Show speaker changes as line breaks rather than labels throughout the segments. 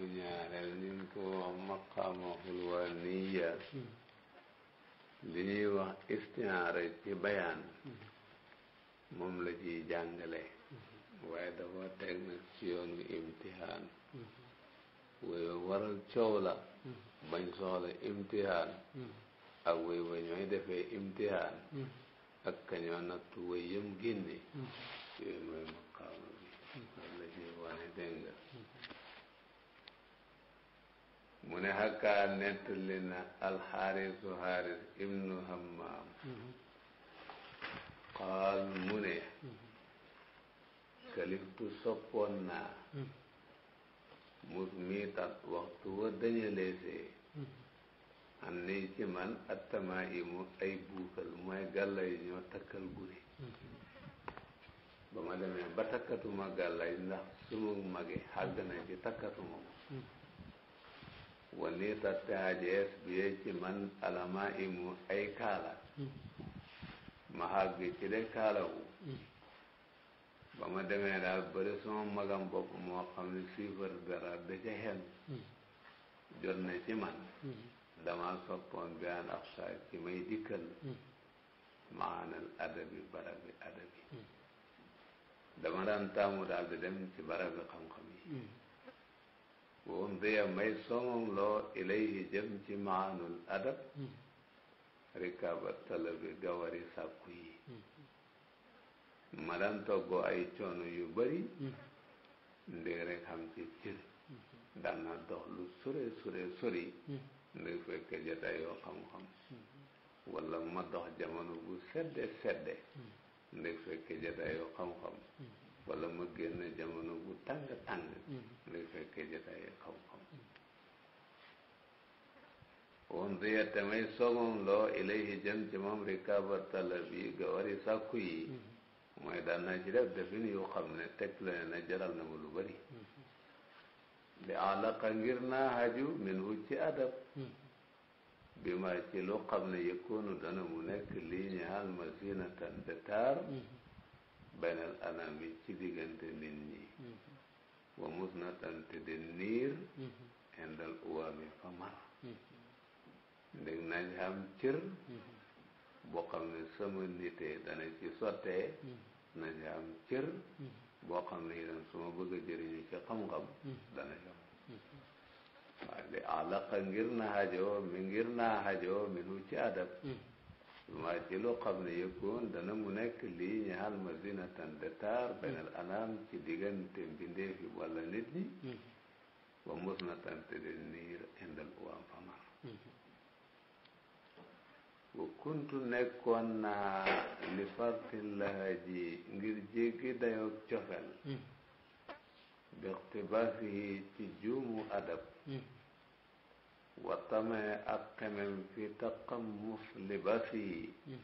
bu ñaareel ñun ko wax maqaama xulwaaniya li ñuy wax istiaara ci bayaan moom la ciy jàngale waaye dafa teg nag ci yoonu imtihaan wooyu waral coow la bañ soxla imtihaan ak woy wa ñooy imtihaan ak kañoo nattu woy yëm génne yooyu mooy maqaama bi loolu la ciy wane mu ne hakkaa nettali na alxaarisu xaaris ibnu hammaam qaal mu ne kaliftu soppoon naa mus mii tat waxtu wa dañaleesee xam ni ci man attamaa imu ay buukal mooy gàllay ñoo takkal guri ba ma demee ba takkatuma gàllay ndax suma mage xàgg na ci takkatuma ko wani satti hajees biyee ci man alama imu ay kaala hmm. ma xàgg ci de kaalawu hmm. ba ma demee daal bëri sama magam bopp moo xam ne suiveur dara da ca xel hmm. jot na ci man dama soppoon bi an ak saa ci may dikkal maanal adabi barabi adabi dama daan taamu daal di dem ci barabi xam-xam yi bu undiya may songom loo ilayhi jëm ci maanul adab rikaaba talabi gawari sàkku yi ma daan toggoo ay coono yu bari ndég rek xam ci cër daan dox lu sore sore sori ndég fekk jota yoo xam-xam wala ma dox jamono bu sedde sedde ndég fekk jota yoo xam-xam wala ma génn jamono bu tàng tàng luy mm-hmm. fekkee jotaay xam-xam woon di yette may soogoon loo ilayhi jëm ci moom rikaaba talab yi ga wari sàkku mm-hmm. daan naa ci yu xam ne teg la ne na jaral na ma lu bëri li mm-hmm. alaqa ngir naa haju min hu adab bi ma ci lu xam ne yëkkoonu dana mu nekk lii ñaal masinatan de taar baynal anami ci diggante nit ñi
mm-hmm.
wa mus tante de niir
mm-hmm.
indal uwaami fa mar mm-hmm. ndég nañ xam cër boo xam ne sama nitee dana ci sottee nañ xam cër boo xam ne itam su ma bëgg a jëriñu ci xam-xam dana xam waaye li alaqa ngir naa xajoo mi ngir naa xajoo mi nu ci adab ma ci lu ne yëkkoon dana mu nekk lii ñaxal ma zinatan de taar beneen anam ci diggante mbindeef yi walla nit ñi wa mos na tante de niir indal uwaam famar wa kuntu nekkoon naa li fartillaha ji ngir jéggi dayoog cofel hmm. bixtibaasihi ci juumu adab hmm. watamee ak xemem fi taqam muf libasi hmm.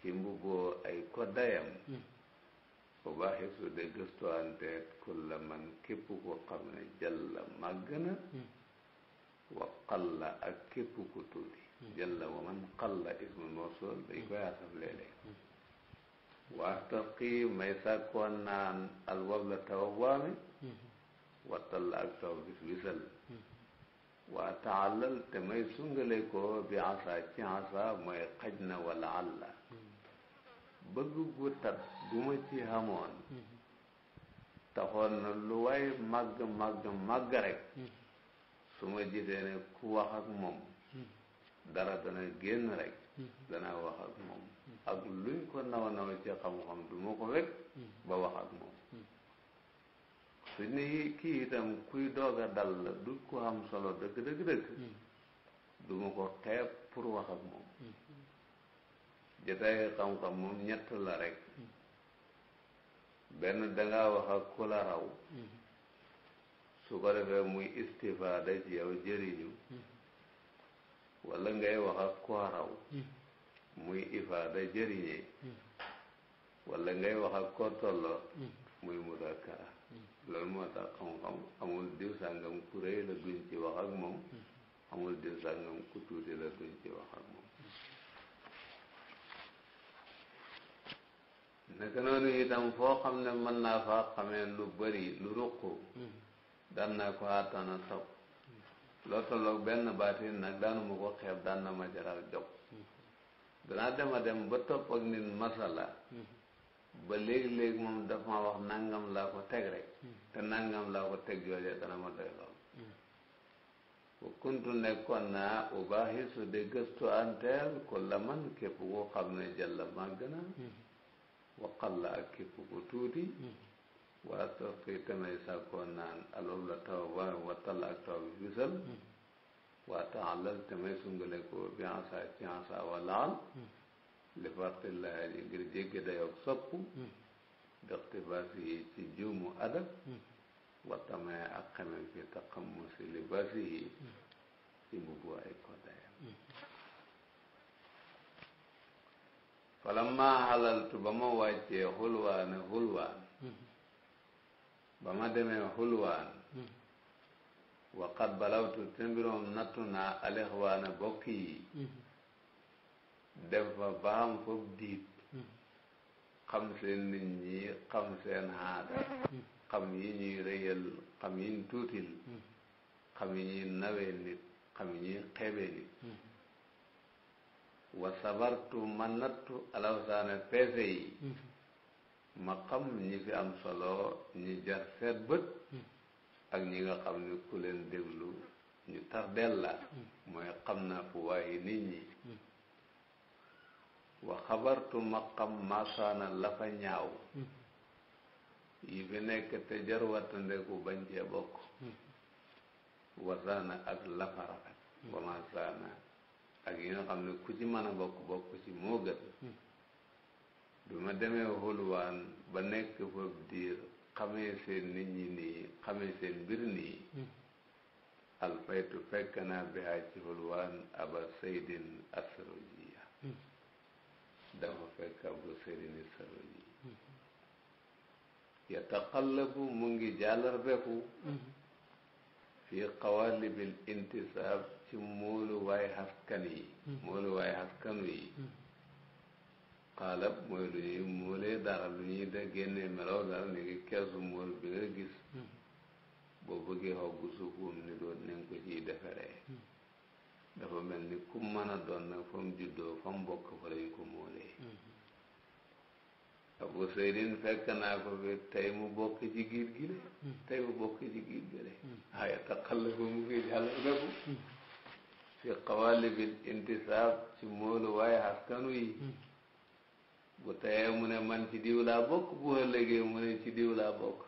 ci mbuboo ay koddayam bu hmm. baaxi su de gëstuwanteet kulla man képp ku xam ne jalla màgg na hmm. wa qalla ak képp ku tuuti jalla wa man qalla ismul mawsul dañ koy asaf léeg-léeg waxtaqi may sàkkoon naan alwabla tawa waame wattal ak taw bis wisal waa taalal te may sungale ko bi asa ci asa mooy xaj na wala àlla bëgg gu tat gu ma ci xamoon taxoon na lu waay màgg màgg màgg rek su ma gisee ne ku wax ak dara dana génn rek dana wax ak moom luñ ko naw naw ci xam-xam du ma ko ba wax ak su ni kii itam kuy doog dal la du ko am solo dëgg dëgg dëgg mm. du ma ko xeeb pour wax ak moom mm. jotaay xam-xam moom ñett la rek mm. benn danga wax ak ku la raw su ko defee muy istifaada ci yow jëriñu wala ngay wax ak ku raw muy ifaada jëriñee wala ngay wax ak ko tolloo muy mudakara loolu moo tax xam-xam amul diw sàngam ku rëy la duñ ci wax ak moom amul diw sàngam ku tuuti la duñ ci wax ak moom naka noonu itam foo xam ne mën naa faa xamee lu bari lu ruq daan naa ko àttana topp loo tolloog benn baatin nag daanuma ko xeeb daan na ma jaral jog danaa dema dem ba topp ak nit masala ba léegi-léegi moom daf ma wax nangam laa ko teg rek hmm. te nangam laa ko teg jooje dana ma doy lool bu hmm. kuntu nekkoon naa u baaxi su de gëstu anteel ku la man képp ku xam ne jàlla màgg na hmm. waqal la ak képp ku tuuti waa soo koy tamay sàkkoo naan aloom la taw ba wattal ak taw bi fisal waa taxalal tamay sungale ko bi ansa ci wa laal li farti laha ji ngir jéggi dayoog sopp hmm. dexti baasi yi ci juumu adab hmm. wattamee ak xamem fi taxamusi li hmm. ci mbubu ay kodayam falamma halaltu ba ma wàccee xulwaane xulwaan ba ma demee xulwaan waqat balawtu te mbiroom nattu naa alixwaane bokk yi dem fa baam fab diit hmm. xam seen nit ñi xam seen aada hmm. xam yi ñuy rëyal xam yi ñu tuutil hmm. xam yi ñuy nawee nit xam yi ñuy xeebee nit wa sabartu ma nattu alawsaane peese yi ma xam ñi fi am solo ñi jar seet bët ak ñi nga xam ni ku leen déglu ñu tardel la mooy xam naa fu waayi nit ñi wa xabartu ma xam maasaana la fa ñaaw hmm. yi fi nekk te jar bañ cee bokk hmm. wasaana ak la fa rafet hmm. wa ak yi xam ne ku ci mën a bokk bokk ci moo gën bi demee xulwaan ba nekk foofu diir xamee seen nit ñi nii xamee seen mbir nii alfaytu fekk naa bi haa ci xulwaan aba saydin asrojiya dama fekk abu serini saroni yataqallabu mu ngi jàllar beku fi qawalibil intisaab ci moolu waay askan yi moolu waay askanu yi xaalab mooy lu ñuy dara lu ñuy da génne melaw dara ni ngi keesu mool bi nga gis hmm. boo bëggee xogg suufum ni doon ni nga ko ciy dafa mel ni ku mën a doon nag fa mu juddoo fa mu bokk fa lañ ko moolee mm-hmm. abu seydin fekk naa ko fi tey mu bokk ci giir gi de mm-hmm. tey mu bokk ci giir gi de haya mm-hmm. taqallabu mu ngi jàllaleku fi qawalibil intisaab ci moolu waaye askanu yi bu teyee mu ne man ci diw laa bokk bu ëllëgee mu ne ci diw bokk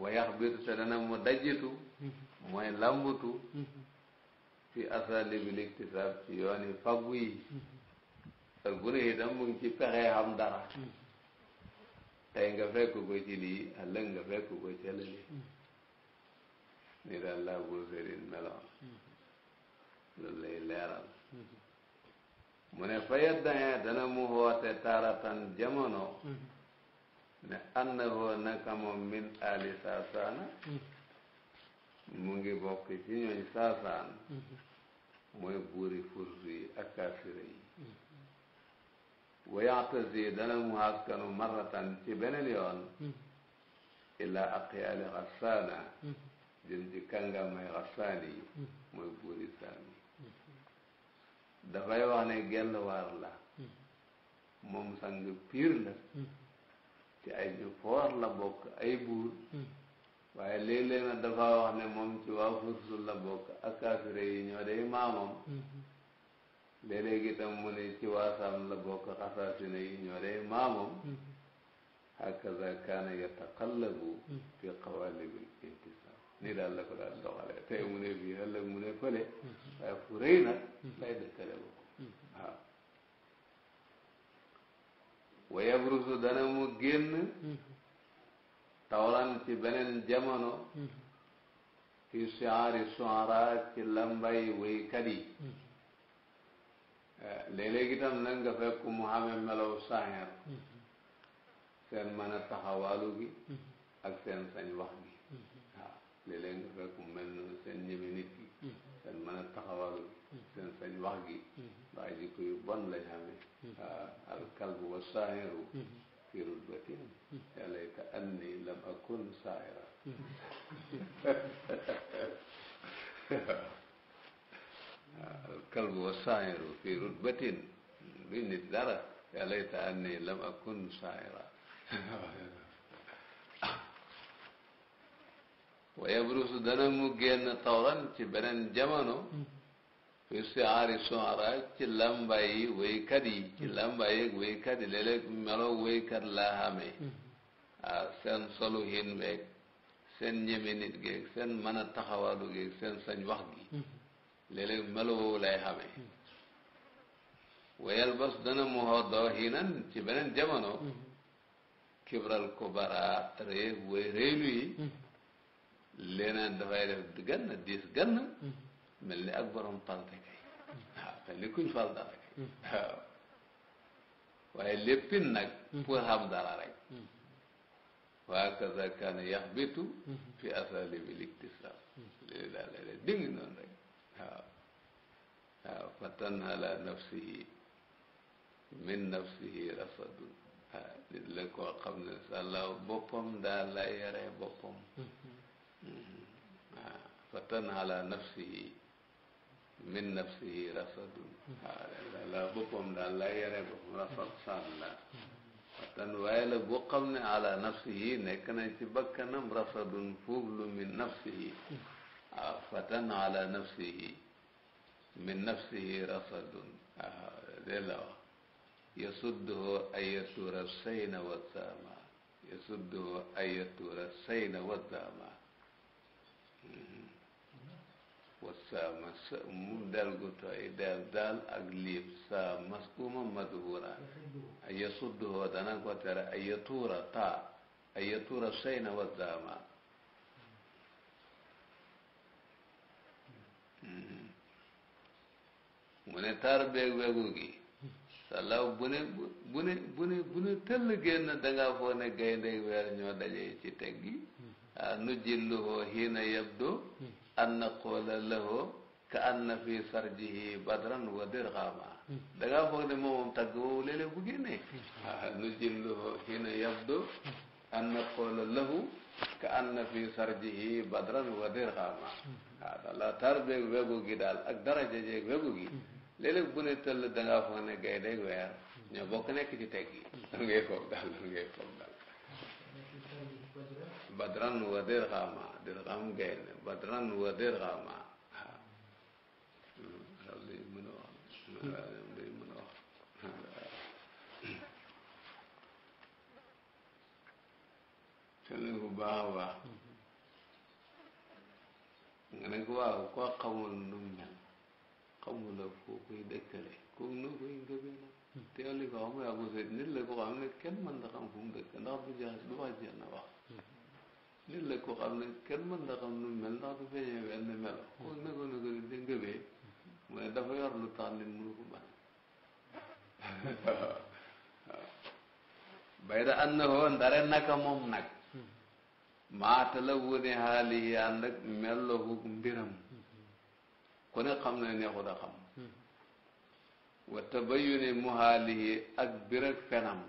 wayax bitu te dana mu dajitu mooy làmbatu fi asalibil iktisaab ci yooni faggu yi ak bu ne itam mu ci pexee xam dara tey nga fekk ko ci lii ëllëg nga fekk ko ci ni daal laa boo sëriñ meloon loolu lay leeral mu ne fa yeddaxee dana mu woote taaratan jamono ne anna hoo naka moom min ali mu ngi bokk ci ñooñ saasaan mm-hmm. mooy buuri fursu yi ak kaafira yi mm-hmm. wayaatasi mu haskanu marratan ci beneen yoon mm-hmm. ilaa aqyaali xasaana jëm ci kàngamay xasaan yi mooy buuri saami dafay wax ne genn waar la moom sang piir la ci ay ñu foor la bokk ay buur waaye léeg-léeg nag dafa wax ne moom ci waa fursul la bokk ak kaafire yi ñoo day maamam léeg-léeg itam mu ne ci waa saam la bokk xasaasine yi ñoo day maamam hakaza kaana yataqallabu fi qawalibil intisaab nii daal la ko daal doxalee tey mu ne fii ëllëg mu ne fële waaye fu rëy nag lay dëkkale ko waaw wa dana mu génn tawran ci beneen jamono fi mm-hmm. siaari suara ci lambay wéykat yi mm-hmm. eh, léeg-léeg itam nag nga fekk mu xamee melow saxeer mm-hmm. seen mën a taxawaalu gi ak seen sañ wax gi waaw nga fekk mu mel noonu seen ñeme nit gi seen mën a taxawaalu gi seen sañ wax gi ndax jikko yu bon lañ xamee al kalbu wa fi rutbatin alayka anni lam akun saayira al kalbu wa saayiru fi rutbatin duñ nit dara alayta anni lam akun saayira wa yabrusu dana mu génn tawran ci beneen jamono fi siaari sonra ci làmbaay wéykat yi ci làmbaay wéykat yi léeg-léeg melo wéykat laa xamee waaw hmm. ah, seen solu hin beeg seen ñeme nit geeg seen mën a taxawaalu seen sañ wax gi hmm. léeg melo woowu lay xamee hmm. wayal bas dana mu hoddoo hinan ci beneen jamono kibral kubara réew way réelu yi léeneen dafay def gann diis gann mel ni ak borom palte kay waaw mel ni kuñ fal dara kay hmm. waaw waaye léppin nag hmm. pour xam dara rek hmm. waa kaza kaana yaxbitu fi asalibi liktisab léegi daal léeg-léeg dégg noonu rek waaw waaw fatan ala nafsihi min nafsihi rasadun waaw nit la koo xam ne sàllaaw boppam daal la yore boppam waaw fatan ala nafsihi min nafsihi rasadun hmm. ah, la boppam daal la yore boppam rasad saan la watan waaye la boo xam ne ala nafsihi nekk na ci bakkanam rasadun fuuglu min nafsihi waaw hmm. ah, fatan ala nafsihi min nafsihi rasadun waaw ah, de la wax yasudduhu an yatura sayna wazzama yasudduhu an yatura sayna wazzama hmm. wasaama sa mu del gu tooy del daal ak liib saa maskuma madhura aya sudduhoo dana ko tere aya taa aya tuura sayna hmm. mu ne taar beeg weegu gi salaw bu bu ne bu ne bu ne tëll génn danga foo ne gaynde weer ñoo dajee ci teg gi hmm. a ah, nu hiina yabdo hmm. an naqoola lahu ka anna fi farjihi badran wa dirhama da ngaa foog ne moom moom tagg woowu léeg-léeg bu hina yabdu an naqoola lahu ka anna fi sarjihi badran wa dirhama waaw la tar beeg wegu gi daal ak daraja jeeg wegu gi léeg-léeg bu ne da ngaa foog weer ñoo bokk nekk ci teg gi lan ngay foog daal lan badran wa dirhama dirham gaynde badran wa dirhama waaw luy mën a wax luy mën a wax seen ko baax a baax nga ne ko waaw koo xamul nu mu mel xamuloo koo koy dëkkale kooku noo koy ngëbee nag te yow li ko xam yaa ko seet nit la ko xam ne kenn mën na xam fu mu dëkk ndax du jaas du wax jenn wax nit la ko xam ne kenn mën na nu mel ndax du feeñee benn melo xool na ko ne di ngëbee mu ne dafa yor lu tax nit mënu ko mën waaw bay da ànd na ko ndare naka moom nag maata la wune xaali yi ànd ak meloku mbiram ku ne xam ne neexut a xam wa tabayune mu xaali yi ak bir fenam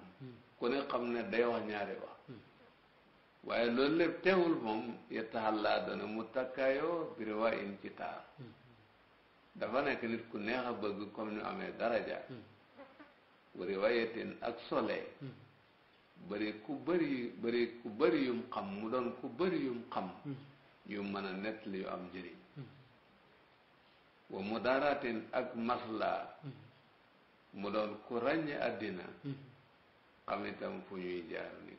ku ne xam ne day wax ñaari wax waaye loolu lépp teewul moom yettaxal laa dana mu takkaayoo biriwaa in ci taar dafa nekk nit ku neex a bëgg comme ñu amee daraja wari wayetin ak sole bëri ku bëri bëri ku bëri yum xam mu doon ku bëri yum xam yu mën a nettali yu am njëriñ wa mu daaratin ak masla mu doon ku ràññe àddina xam itam fu ñuy jaar ni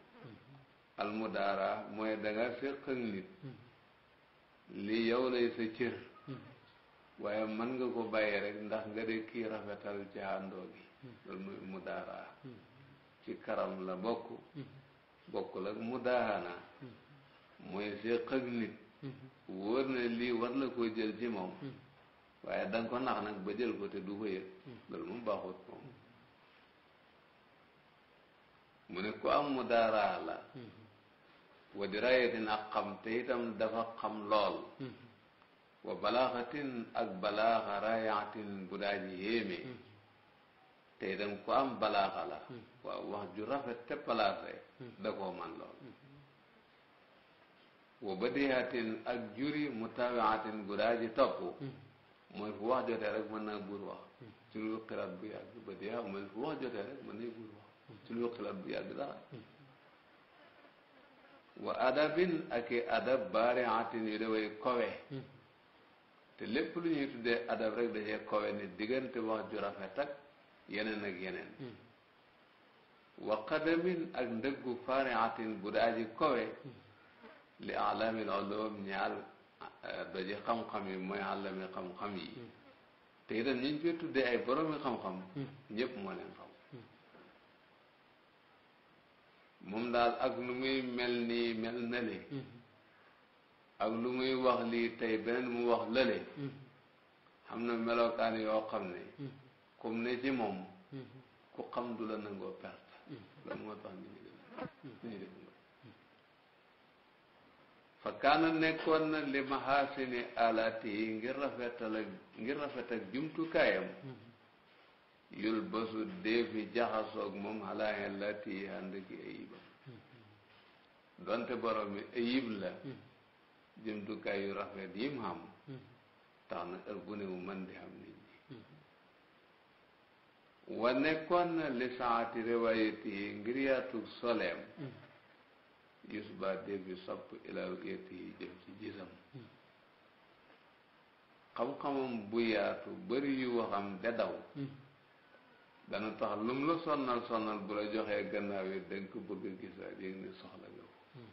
almudaara mooy danga féq nit lii yow lay sa cër waaye mën nga ko bàyyi rek ndax nga de kii rafetal ci àndoo gi loolu mooy mudaara ci karam la bokk bokkul ak mudaahana mooy séq nit wóor na lii war la koo jël ci moom waaye danga ko nax nag ba jël ko te du ko yëg loolu moom baaxut moom mu ne ku am mudaara la wa diraayatin ak xam te itam dafa xam lool hmm. wa balaaxatin ak balaaxa rayaatin bu daaji yéeme hmm. te itam ku am balaaxa la hmm. waaw wax ju rafet te palaas rek da koo man lool wa badihatin ak juri mutawaatin bu daaji topp mooy fu wax jotee rek mën naa buur wax ci lu xilaat bu yàgg badiha mooy fu wax jotee rek mën nay buur wax ci lu xilaat bu yàgg dara wa adabin ak i adab baari atin yu de way kowe hmm. te lépp lu ñuy tuddee adab rek dajee kowe ni diggante wax ju rafet ak yeneen ak yeneen hmm. wa qadamin ak ndëggu faari atin bu daaji kowe hmm. li alaamil ulum ñaal euh, doji xam-xam yi mooy alami xam-xam yi te itam ñu fee tuddee ay boromi xam-xam ñëpp moo leen moom daal ak lu muy mel nii mel na le
mm-hmm.
ak lu muy wax lii tey beneen mu wax lële xam mm-hmm. na melokaan yoo xam ne kom mm-hmm. ne ci moom ku xam du la nangoo perte loolu fa kaana nekkoon li mahaasini alaati yi ngir rafetal ak ngir rafet ak jumtukaayam yul basu deefi jaxasoog moom xalaayeen la tiyi ànd ki ayibam donte borom ayib la jumtukaay yu rafet yim xam tax na ër bu ne mu di xam nit wa nekkoon na li saati riwaayati yi ngir yaatu soleem yus ba deefi sopp ilaaw eeti yi jëm ci gisam xam-xamam bu yaatu bëri yu waxam de daw dana tax lu la sonnal sonnal bu la joxee gannaaw yi da nga ko bëgg a gisaat yéeg ne soxla nga ko hmm.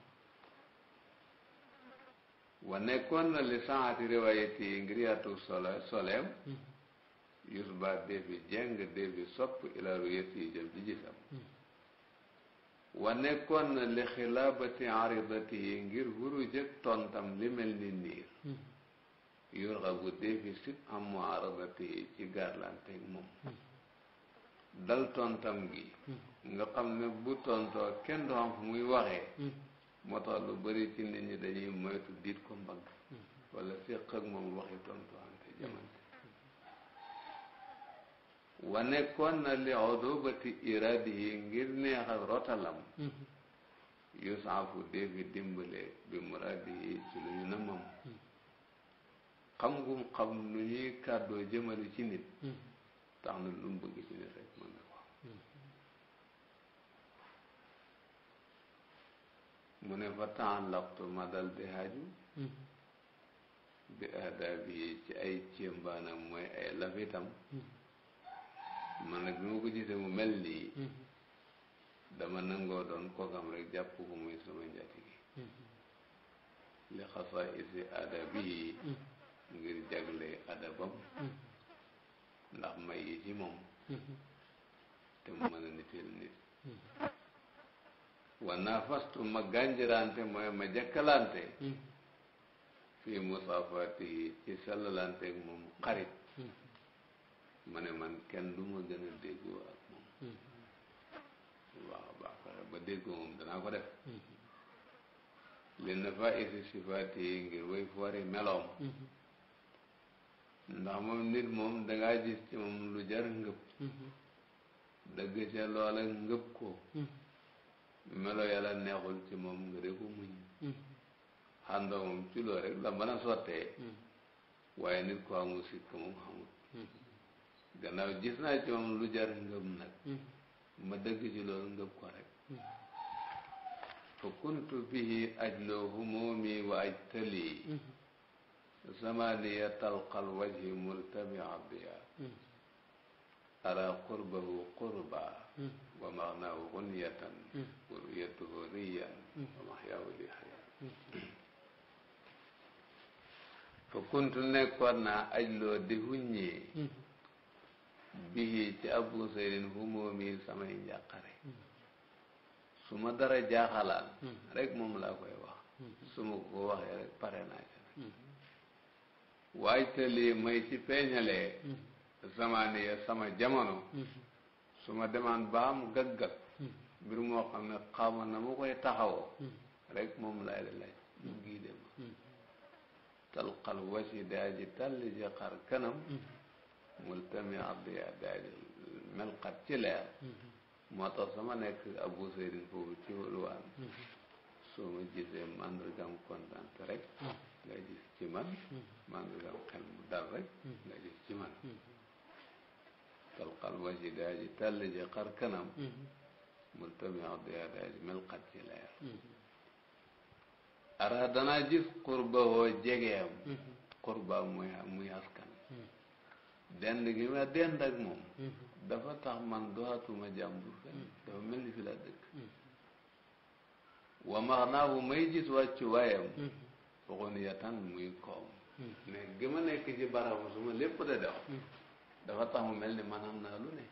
wa nekkoon na li saati riwaayati yi ngir yaatu soleem hmm. yus ba defi jeng defi sopp ilaaru yët yi jëm ci gisam hmm. wa nekkoon na li xilaabati aridati yi ngir huru jëg tontam li mel ni niir yurxa bu defi sit am muaradati yi ci gaarlante moom dal tontam gi hmm. nga xam ne bu tontoo kenn du xam fu muy waxee hmm. moo tax lu bari ci nit ñi dañuy moytu diit ko mbagg hmm. wala séq ak moom waxi tontuwante jamante wa nekkoon na li odobati iradi yi ngir neexal rotalam yusaafu déefi dimbale bi muradi yi ci lu ñu na moom xam ngum xam lu ñuy kàddoo jëmale ci nit tax na lu mu bëgg ci nit rek mu ne fa taallaqtu ma dal di hmm. bi aadaabi yi ci ay cémbaanam mooy ay lafitam hmm. man nag bi ma ko gisee mu mel nii hmm. dama nangoo doon kookam rek jàpp ko muy sama njati li xasa isi aadabi yi ngir jagle adabam ndax may yi ci moom te mu mën a nitel nit wanafastu ma gànjirante mooy ma jëkkalante hmm. fii musaafaati ci sallalante ak moom xarit hmm. ma ne man kenn du gën a déggoo ak moom hmm. waaw baax fexe ba déggoo moom danaa ko def li nafaisi sifaati ngir way foori meloom ndax moom nit moom dangaa gis ci moom lu jar ngëp dëgg ca loola ngëp ko melo yàlla neexul ci moom nga de ko muñ xànda hmm. moom ci loolu la mën a sottee hmm. waaye nit ko amul sikk moom xamul hmm. gannaaw gis naa ci moom lu jar ngëm nag ma dëgg ci loolu ngëm ko rek fa kuntu bihi ajloo humoomi wa ajtali zamaniya talqal wajhi multamia biya ara qurbahu qurba wa maanaahu xunyatan wa ruyatuhu riyan wa maxyaahu li xayaan fa kuntu nekkoon naa ajloo di huññee bii ci abu sayrin humoomi samay njàqare su ma dara jaaxalaan rek moom laa koy wax su ma ko waxee rek pare naa ca nag waajte lii may ci feeñalee zamaani ya sama jamono su ma demaan ba am gëg-gëg hmm. mbir moo xam na mu koy taxawoo hmm. rek moom lay la laaj hmm. mu giide ma talqal wasi daa ji tàlli ji xar kanam multami abdiya daa ji melxat ci leer moo tax sama nekk abu seyrin foofu ci wàlluwaan soo ma gisee màndargam kontaan rek nga ci man màndargam xel mu dal rek nga ci man talqal waji daa ji tàll ji xar kanam multami adiya daa ji melxat ci leer ara danaa gis woo jegeem xurba muy muy askan gi ma dend ak dafa tax man doxatuma jàmbur fenn dafa mel ni fi dëkk wa max naa bu may gis wàccu waayam waxoon yatan muy koom mais gi ma nekk ci barab su ma lépp da dew dafa tax mu mel ni man am naa lu ne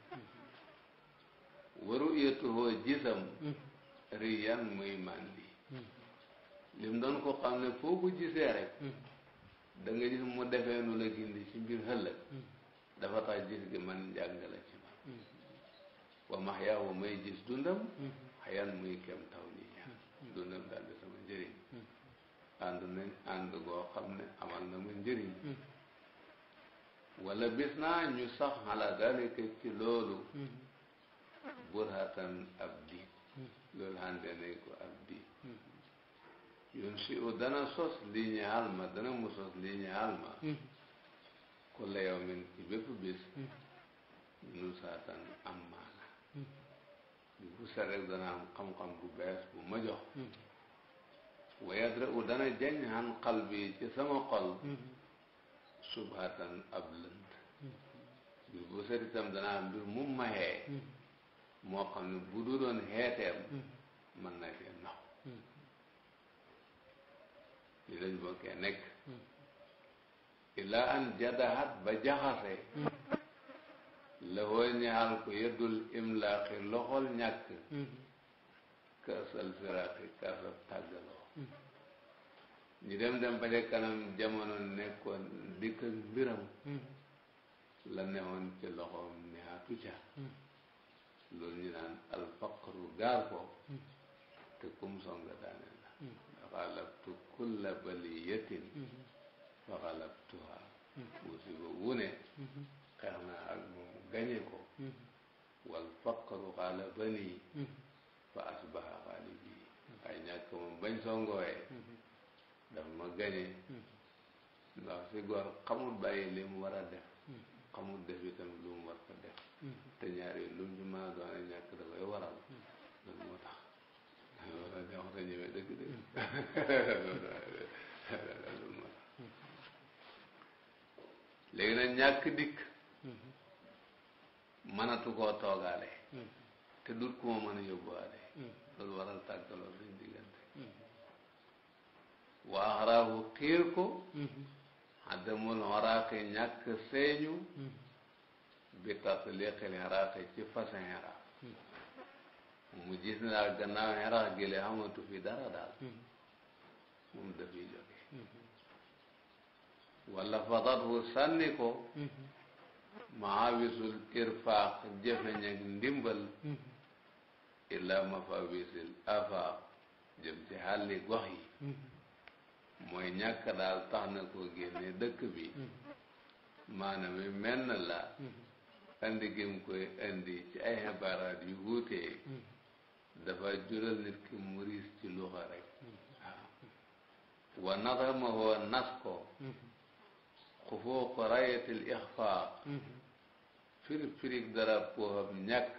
waru yetuhoo gisam riyan muy màndi lim doon ko xam ne foo ko gisee rek da nga mu defee nu la gindi ci mbir xëllëg dafa tax gis gi man njàng la ci man wa max yaawu may gis dundam xayan muy kem taw ni ñaan dundam daal sama njëriñ ànd nañ ànd goo xam ne amal na ma njëriñ wala bis naa ñu sax ala dalika ci loolu hmm. burhatan ab diig hmm. loolu hande nañ ko ab diig hmm. yoon si u dana sos lii ñaal ma dana mu sos lii ñaal ma ku la yow min ci bépp bis nu saatan am maana di bu set rek dana am xam-xam bu bees bu ma jox wayadra u dana jañ han xal bi ci sama xol subhatan ab lënd mbir bu set itam danaa mbir mu mahee moo xam ne bu du doon xeeteem mën na fee naw li lañ bokkee nekk ilaa an jadahat ba jaxase la hoo ñaal ko yeddul imlaaqi loxol ñàkk kaasal firaaqi kaasab tàggaloo ñu dem dem ba ca kanam jamono nekkoon dikk mbiram hmm. la newoon ci loxoom ne atu ca hmm. loolu ñu naan alfaqru gaar ko hmm. te kum songa daane la faxalabtu kulla baliyatin faxalabtuha musiba wu ne xeex naa ak moom gañe ko wal faqru xaalabani fa asbaha xaalibi ay ñàkk moom bañ songooyee daf ma gañe hmm. ndax si góor xamul bàyyi li war a def hmm. xamul def itam lu mu war ko def hmm. te ñaar yi lu mu ci a doon ñàkk da koy waral loolu moo tax léegi nag ñàkk dikk mënatu koo toogaale te dut ku ma mën a yóbbuwaale loolu waral tàggaloo duñ waa xaraaku xiir mm-hmm. ko xaddamul xaraaqi ñàkk seeñu mm-hmm. bi tasliqil xaraaqi ci façon xaraaq
mm-hmm.
mu gis ne daal gannaaw xaraaq gi la xamatu fi dara daal moom dafiy jóge wala fatat fu sànni ko maawisul irfaaq jëfeñ ak ndimbal illa mafawisil afaaq jëm ci xàlli gox mooy ñàkk daal tax na ko génne dëkk bi maanaam i menn la andi gi mu koy andi ci ay xebaaraat yu wuutee dafa jural nit ki mu riis ci luxa rek wa nazama hoo nas ko xufuuq rayatil ixfaaq fir firig dara koo ñàkk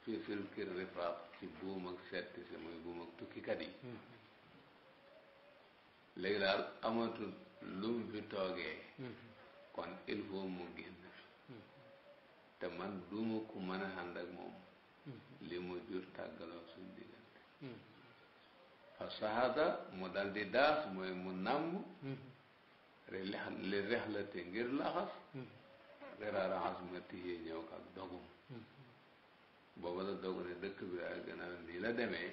fi silkir rifaaq ci buum setti si muy buum tukkikat yi léegi daal amatul lu mu fi toogee kon il faut mu génn te man duma ku mën a ànd ak moom li mu jur tàggaloo suñ diggante fa saxaada mu dal di daas mooy mu nàmm li rexlate ngir laxas reraara asmati yee ñëw ak dogum booba la dogu ne dëkk bi daal gannaaw nii la demee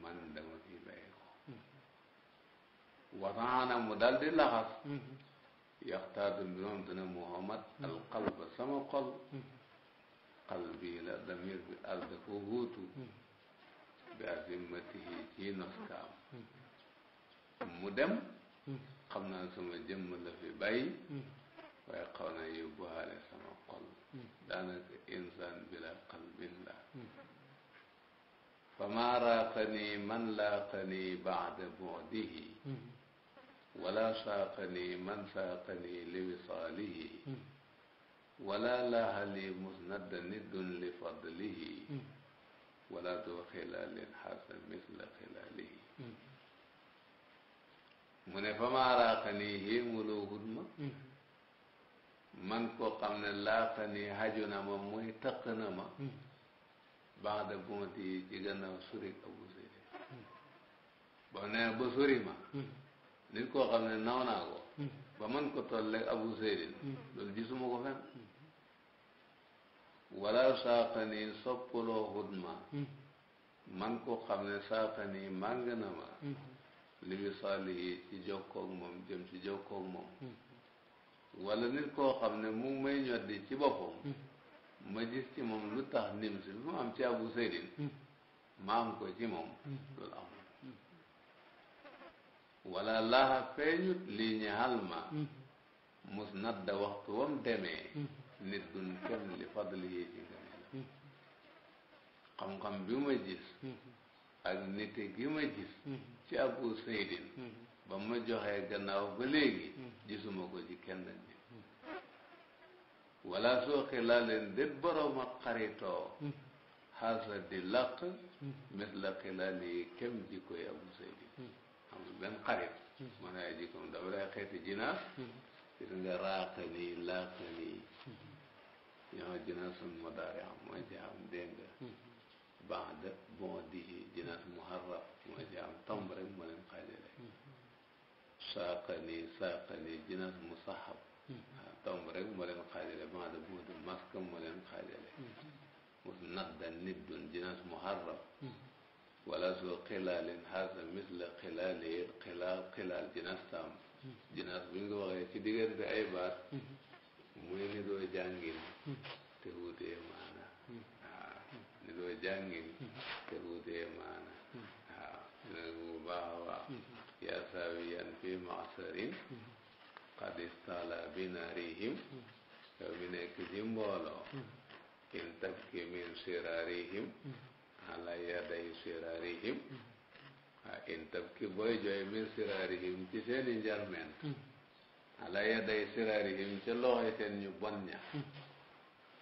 man dama fi bàyyi wasaana mu dal di laxas yaxtaadu mbir moom dana muhammad al qalba sama xol qalbi la damir bi al dafa wuutu bi azimatihi ci noskaam mu dem xam naa sama jëmm la fi bàyyi waaye xaw na yóbbu haale sama xol daanaka insaan bila qalbin la fa maa raaqani man laaqani baada budihi wala saaqani man saaqani li wisaalihi wala lahali musnada nidun li fadlihi wala doo xilaalin xasa misla xilaalihi mu ne fa maa raaqani xéemuloo hut ma man koo xam ne laaqani haju na ma mooy tëq na ma baax da bonti ci gannaaw sori abu sori ba ne ba sori ma nit ko xam ne naw naa ko hmm. ba man ko tolleeg abu seydin hmm. loolu gisuma ko fenn hmm. wala saaqanii soppaloo xudma man ko xam ne saaqanii màng na ma li wisaalihi ci jokkoog moom jëm ci jokkoog moom wala nit koo xam ne mu may ñoddi ci boppam ma gis ci moom lu tax nim si bi mu am ci abu seydin ma ko ci moom loolu am wala laaxa feeñut lii ñaxal ma mus mm-hmm. nadda waxtu wam demee mm-hmm. nit dun kem li fadli yi ci ngëneelam mm-hmm. xam-xam bi ma gis ak nite gi ma gis ci abu seydin ba ma joxee gannaaw ba léegi gisuma ko ci kenn nit wala soo xilaa leen dét borom ak xaritoo xaasa di làq mis la xilaa lii kem ji koy abu seydin amul benn xarit. man hmm. ay jikkoom dafa day xeeti jinaas. gis hmm. hmm. nga raaq nii laaq nii. ñoo jinaasul mudaari am mooy ci jinaas muharraf mooy ci am tomb rek moo leen xaajale. saaqa nii saaqa nii jinaas musahab. waaw tomb rek moo leen xaajale baax de bon de masque moo leen xaajale. mus nadda niddun jinaas muharraf. wala soo xilaalin xaasa misla xilaali xilaal xilaal jinaas tam jinaas bu ñu ko waxee ci diggante ay baat muy ni doo jàngin te wutee maana waaw ni doo jàngin te wutee maana waaw dina bu baax a baax yaa saawiyan fi maxsarin qad istaala binaarihim yow mi nekk ci mbooloo in tabki min siraarihim ala yaday siraarihim waa in tabki booy jooy min siraarihim ci seeni njarmeent hmm. ala yaday siraarihim ca loxoy seen ñu bon ña hmm.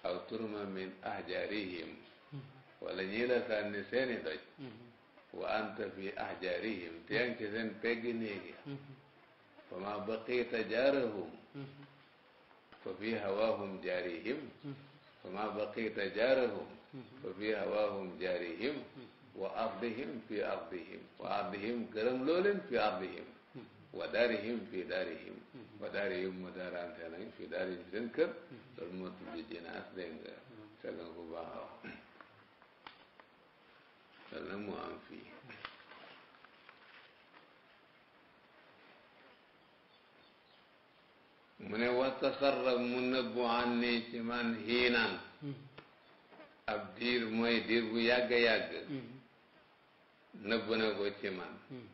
aw turma min ahjaarihim hmm. wala ñii la sànni seeni doj wa anta fi ahjaarihim te yaa ngi ci seen peggi néeg ya fa ma baqiita jaarahum fa fi hawaahum jaarihim fa ma baqiita jaarahum fi hawaahum jaarihim wa ardihim fi ardihim wa ardihim gërëm looleen fi ardihim wa daarihim fi daarihim wa daarihim wa daarante nañ fi daarihim seen kër loolu moo tudd jinaas dégg nga sell nga ko baax a wax loolu nag moo am fii mu ne wa tasarrab mu nëbbu an ni ci man hiinaan ab diir mooy diir bu yàgg yàgg mm-hmm. nëbb na ko ci man mm-hmm.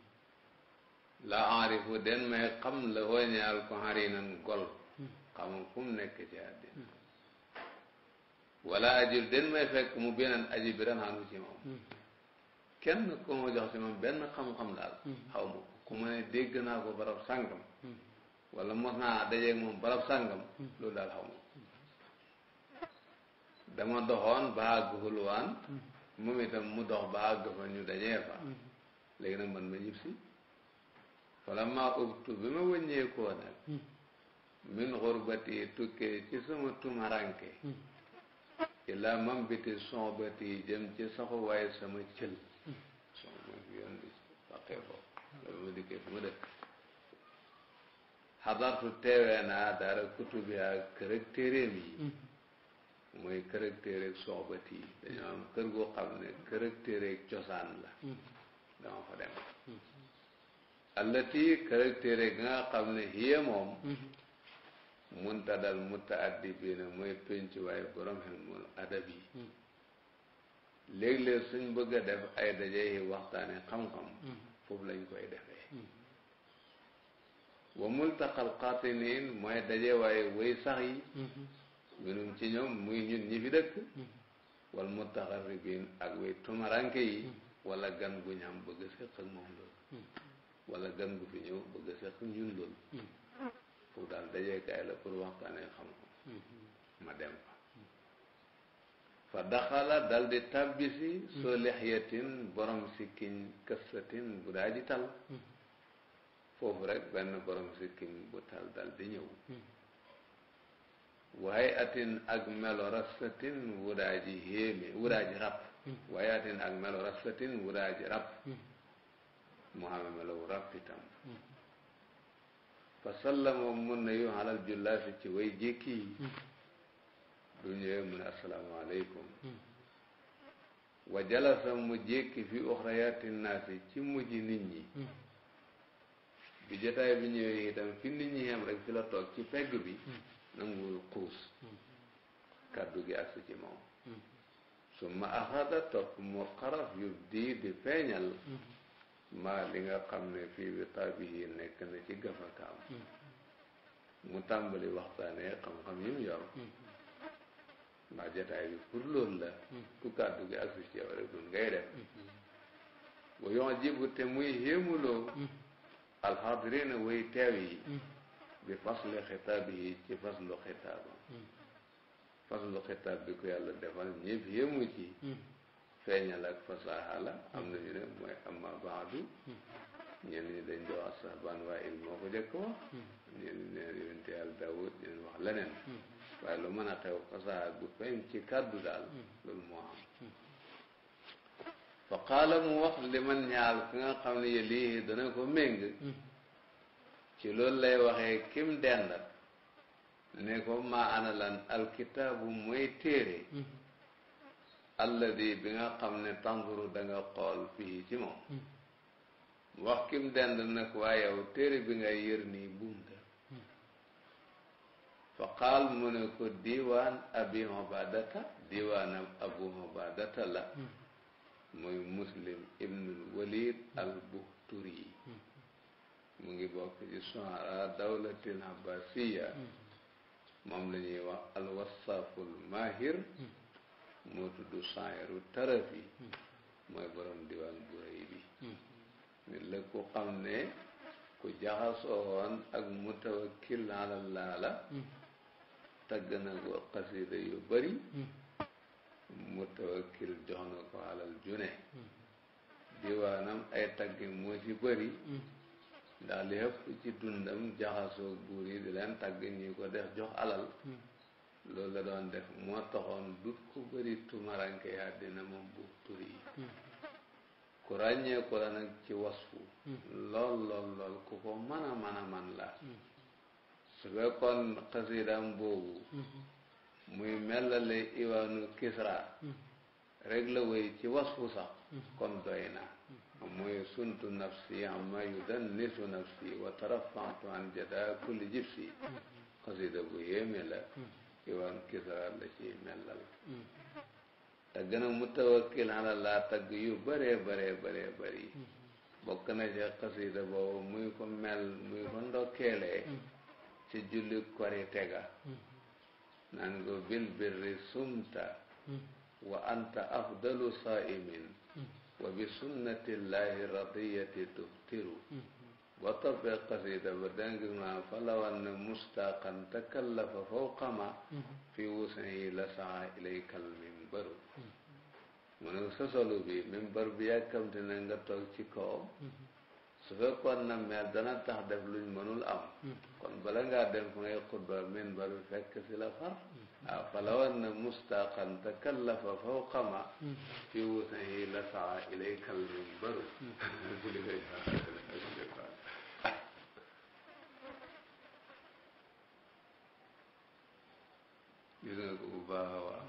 la aarifu den may xam la hoo ñaal ko harinan gol mm-hmm. xamul fu nekk ci àddina wala ajur den may fekk mu beneen aji biran xanu ci moom kenn ku ma jox ci moom benn xam-xam daal xaw ku ma ne dégg naa ko barab sàngam wala mos naa dajeeg moom barab sàngam loolu daal xaw ma dama doxoon ba àgg xulwaan hmm. moom itam mu dox ba àgg fa ñu dajee fa hmm. léegi nag man ma ñib si wala maa ubtu bi ma wëññeekoo nag hmm. min xurbati tukkee ci sama tumaranke ila mambiti sonbati jëm ci saxuwaay sama cël son mooy fi yoon di faqee foofu xadartu teewee naa daara kutubi ak kër ak téeréem yi mooy kër ak téere ak soxbat am kër goo xam ne kër ak téere cosaan la hmm. dama fa dem allati kër ak téere ga nga xam ne hiya moom hmm. muntadal mutaaddibiina mooy penc waaye borom xelmul adab yi hmm. léeg-léeg suñ bëgg def ay daje yi waxtaane xam-xam foofu lañ koy defee wa multaqal qaatiniin mooy daje waaye wéy sax yi minum ci ñoom muy ñun ñi fi dëkk mm-hmm. wal mutaxarribin ak way tumaranke yi mm-hmm. walla gan gu ñaam bëgg séq ak moom loolu mm-hmm. wala gan gu fi ñëw bëgg séq ak ñun loolu foofu daal dajeekaay la pour waxtaanee xam-xam ma dem fa fa daxala dal di tàbbisi soo lexyatin borom sikkiñ kësatin bu daa ji tal foofu rek benn borom sikkiñ bu tal dal di ñëw waay atin ak melo rafetin wuraaji héeme wuraaji rab hmm. waay atin ak melo rafetin wuraaji rab hmm. mu xame melo rab itam hmm. fa sallama mun na yu halal jullaafi ci way jékki yi du ñëwee mu ne asalaamaaleykum wa jalasa mu jékki fi uxrayaati naasi ci mujj nit ñi bi jotaay bi ñëwee itam fi nit ñi xem rek fi la toog ci pegg bi nanguwul xuus hmm. kàddu gi ak su ci moom hmm. su ma axada mu xaraf yu dii di feeñal hmm. maa li nga xam ne fii bi taabi yi nekk na ci gafakaam mu tàmbali waxtaanee xam-xam yi mu yor ndax jataay bi pour loolu la ku kàddu gi ak su ci yow rek dun ngay def bu yoon jibu te muy xéemuloo alxadirina way teew yi bi faslu xitaab yi ci faslu xitaabam hmm. faslu xitaab bi ko yàlla defal ñëpp yemu ci hmm. feeñal ak fasaaxa hmm. am na ñu ne mooy amma baadu ñenn ñi dañ doo wax sahbaan waaye il moo ko jëkk wax ñenn ñi neen yàlla Daawud ñeneen wax leneen waaye lu mën a xew fasaaxa gu feeñ ci kàddu daal loolu moo am fa qaala mu wax li man ñaal ki nga xam ne yelihi dana ko méng ci loolu lay waxee kim dend ne ko maa ana alkitaabu mooy téere mm-hmm. alladi bi nga xam ne tanduru da xool fii ci moom mm-hmm. wax kim dend nag waaye yow téere bi nga yër nii buum la mm-hmm. fa qaal mu ne ko diwaan abi obadata diwaanam abu obadata la muy muslim ibnul walid al buhturi mu ngi bokk ci suhara dawlatil abbasiya hmm. moom la ñuy wax alwasaaful hmm. moo tudd saayiru tarafi hmm. mooy borom diwaan bu la ku xam ne ku jaxasoo woon ak mutawakkil alallah la tagg na yu bari mutawakkil jox na june diwaanam ay tagg moo ci bari ndax li ci dundam jaxasoo buur yi di leen tàgg ñi ko def jox alal hmm. loolu la doon def moo taxoon dut ko bëri tumaranke àddina moom buur tur yi hmm. ku ràññee la nag ci wasfu hmm. lool lool lool ku ko mën a mën a man la su fekkoon xasiidam boobu muy mellale iwaanu kisra rek la woy ci wasfu sax kon doy naa mooy suntu nafsi amma yudannisu nafsi wa tarafaatu an jadaa kulli jibsi xasida bu yéeme la iwan kisaar la ci mellal tagg na mutawakkil ala laa tagg yu bare bare bare bari bokk na ci xasida boobu muy ko mel muy ko ndokkeelee ci julli korite ga naan bil birri sumta wa anta afdalu saimin wa bi sunnatillahi radiyati tuftiru boo mm-hmm. toppee qasida ba dangis ma falawan ne mustaqan takallafa fawqa ma mm-hmm. fi wusan yi la saa ilaykal mimbaru mm-hmm. mu ne sa solu bi mimbar bi yàkkamte ne nga toog ci kaw su fekkoon na mel dana tax def luñ mënul am kon bala ngaa dem fa ngay xutba mimbar bi fekk si la far waaw falaw anna mustaqan takallafa fawqa ma fi wusahi la saa ilayka alminbaru gis nga ko bu baax a baax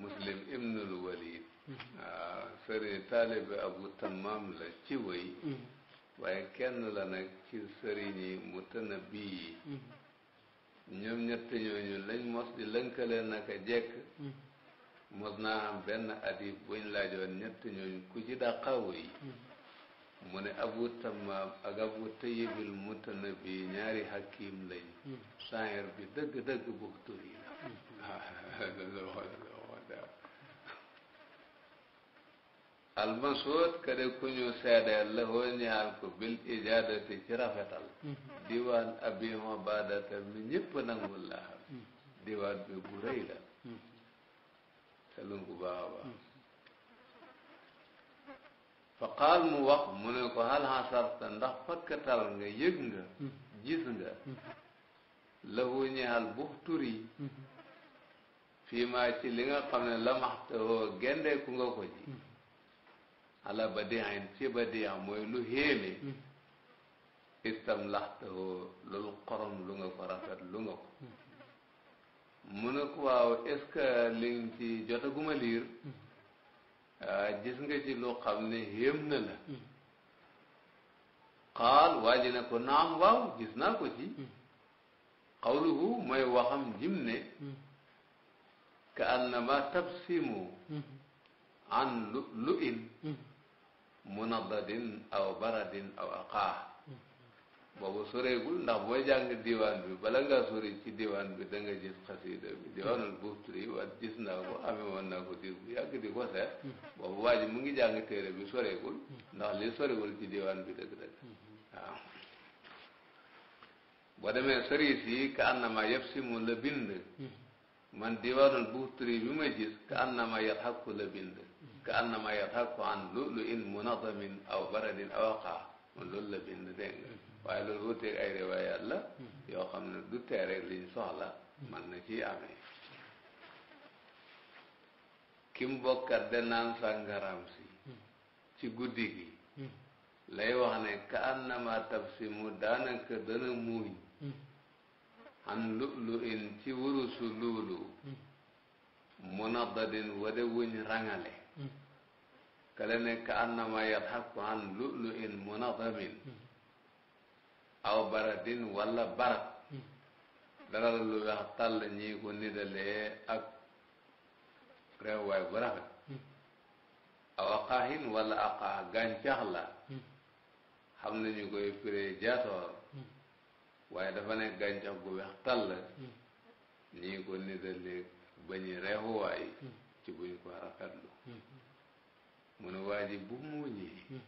muslim ibnul walid waaw sëriñ taalibe abu tamam la ci wëy waaye kenn la nag ci sëriñi mutanabi yi ñoom ñett ñooñu lañ mos di lënkale naka jekk hmm. mos naa am benn adib buñ laajoon ñett ñooñu ku ci dàqaawu yi hmm. mu ne abu tamaam ak abu tayibil mutanabi ñaari hakim lañ hmm. saayir bi dëgg-dëgg buxtu yi ah, almasuud ka de ku ñu seedeel la hoo ñaal ko bil ijaadati ci rafetal mm-hmm. diwaan abi ubaadata mi ñëpp nangul la xam mm-hmm. diwaan bi bu rëy la selum mm-hmm. ku baax a baax fa qaal mu wax mu ne ko hal hasarta ndax fakkatal nga yëg nga gis nga la hoo ñaal buxturi fii maa ci li nga xam ne lamaxtahoo gendeeku nga ko ji ala badiin ci badia mooy lu héeme mm. istam laxtawoo loolu xorom lu nga ko rafet lu nga ko mm. mu ne ko waaw est-ce que li nga ci jotaguma liir mm. ah, gis nga ci lu xam ne héem na la qaal waa ji ne ko naam waaw gis naa ko ci qawluhu mooy waxam jim ne ka annama tabsimu an lu lu in munadadin aw baradin aw aqaa boobu soreegul ndax boo jàng diwaan bi bala nga sori ci diwaan bi da nga gis xasida bi diwaanul Buusturi wa gis naa ko amee woon naa ko diir bu yàgg ko seet boobu waa ji mu ngi jàng téere bi soreegul ndax li soreegul ci diwaan bi dëgg-dëgg waaw boo demee sëriis yi ka annama yëpp si mu la bind man diwaanul Buusturi bi ma gis ka annama yat xakku la bind ka annama yadhaku an lu'lu'in munadamin aw baradin aw aqaa man loolu la bind dégg nga waaye loolu ay riwaayaat la yoo xam ne du teere liñ soxla man na ciy amee kim bokkat de naan sàngaraam ci guddi gi lay wax ne ka annama tabsimu daanaka dana muuñ an lu'lu'in ci wurusu luulu munadadin wade wuñ rangale kale ne ka annama yadhaku an lu'lu'in munadamin hmm. aw baradin wala barat hmm. dara la lu weex tàll ñii ko nidalee ak réew waay bu rafet hmm. aw aqaahin wala aqaah gàncax la xam nañu koy firee jaatoor waaye dafa ne gàncax gu weex tàll ñii ko nidalee bañu reexuwaay ci buñ ko rafetlu mu ne waa ji bu muuñee hmm.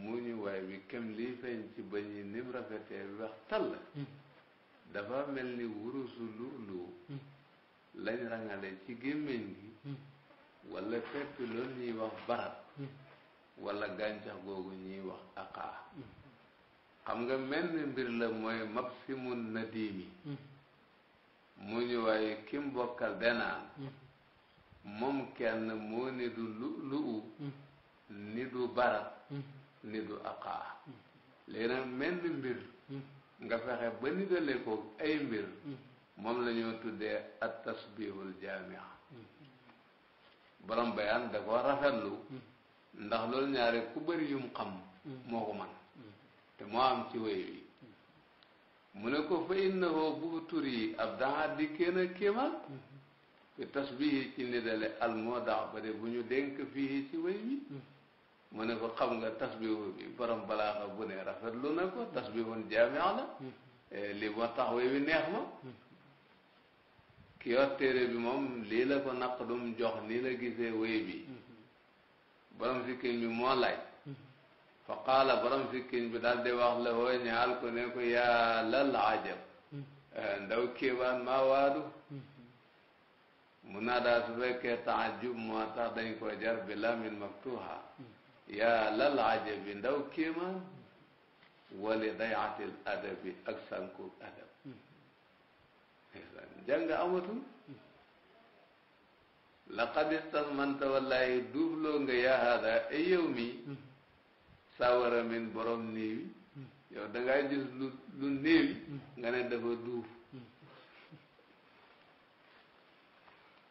muuñu waay bi kem liy feeñ ci bañ yi nim rafetee bi wax tall hmm. dafa mel ni wurusu luulu hmm. lañ rangale ci gémmiñ gi wala feppi loolu ñuy wax barat wala gàncax googu ñuy wax aqaa xam nga mel ni mbir la mooy maximum nadimi muuñu waay kim bokkal denaan moom kenn moo ni du lu lu hmm. ni du barab hmm. ni du aqaa léegi nag menn mbir hmm. nga fexe ba nidale koog ay mbir moom la tuddee at tasbihul jaamia borom bayaan da ko rafetlu ndax loolu ñaare ku bëri yum xam moo ko man te moo am ci wéy mu ne ko fa innahu bu tur yi ab daa dikkee na kéemal bi tasbihi ci nidale al moo daax ba de bu ñu dénk fii ci way wi hmm. mu ne ko xam nga tasbihu bi borom balaaxa bu ne rafetlu na ko tasbihun jaamia la hmm. eh, li moo tax way wi neex ma hmm. ki yor téere bi moom lii la ko naq dum jox nii la gisee way bi borom sikkiñ bi moo laaj fa qaala borom sikkiñ bi daal di wax la hoo ñaal ko ne ko yaa lal ajab eh, ndaw kéebaan maa mu naa daa su fekkee taajub moo tax dañ ko jar bi lamin maktuha yaa lal ajabi ndaw kéemaan wali dayaatil adabi ak sànku adab jàng amatul laqad istasmanta wallahi duubloo nga yaa hada e yow sawara min borom néewi yow da ngaa gis lu lu duuf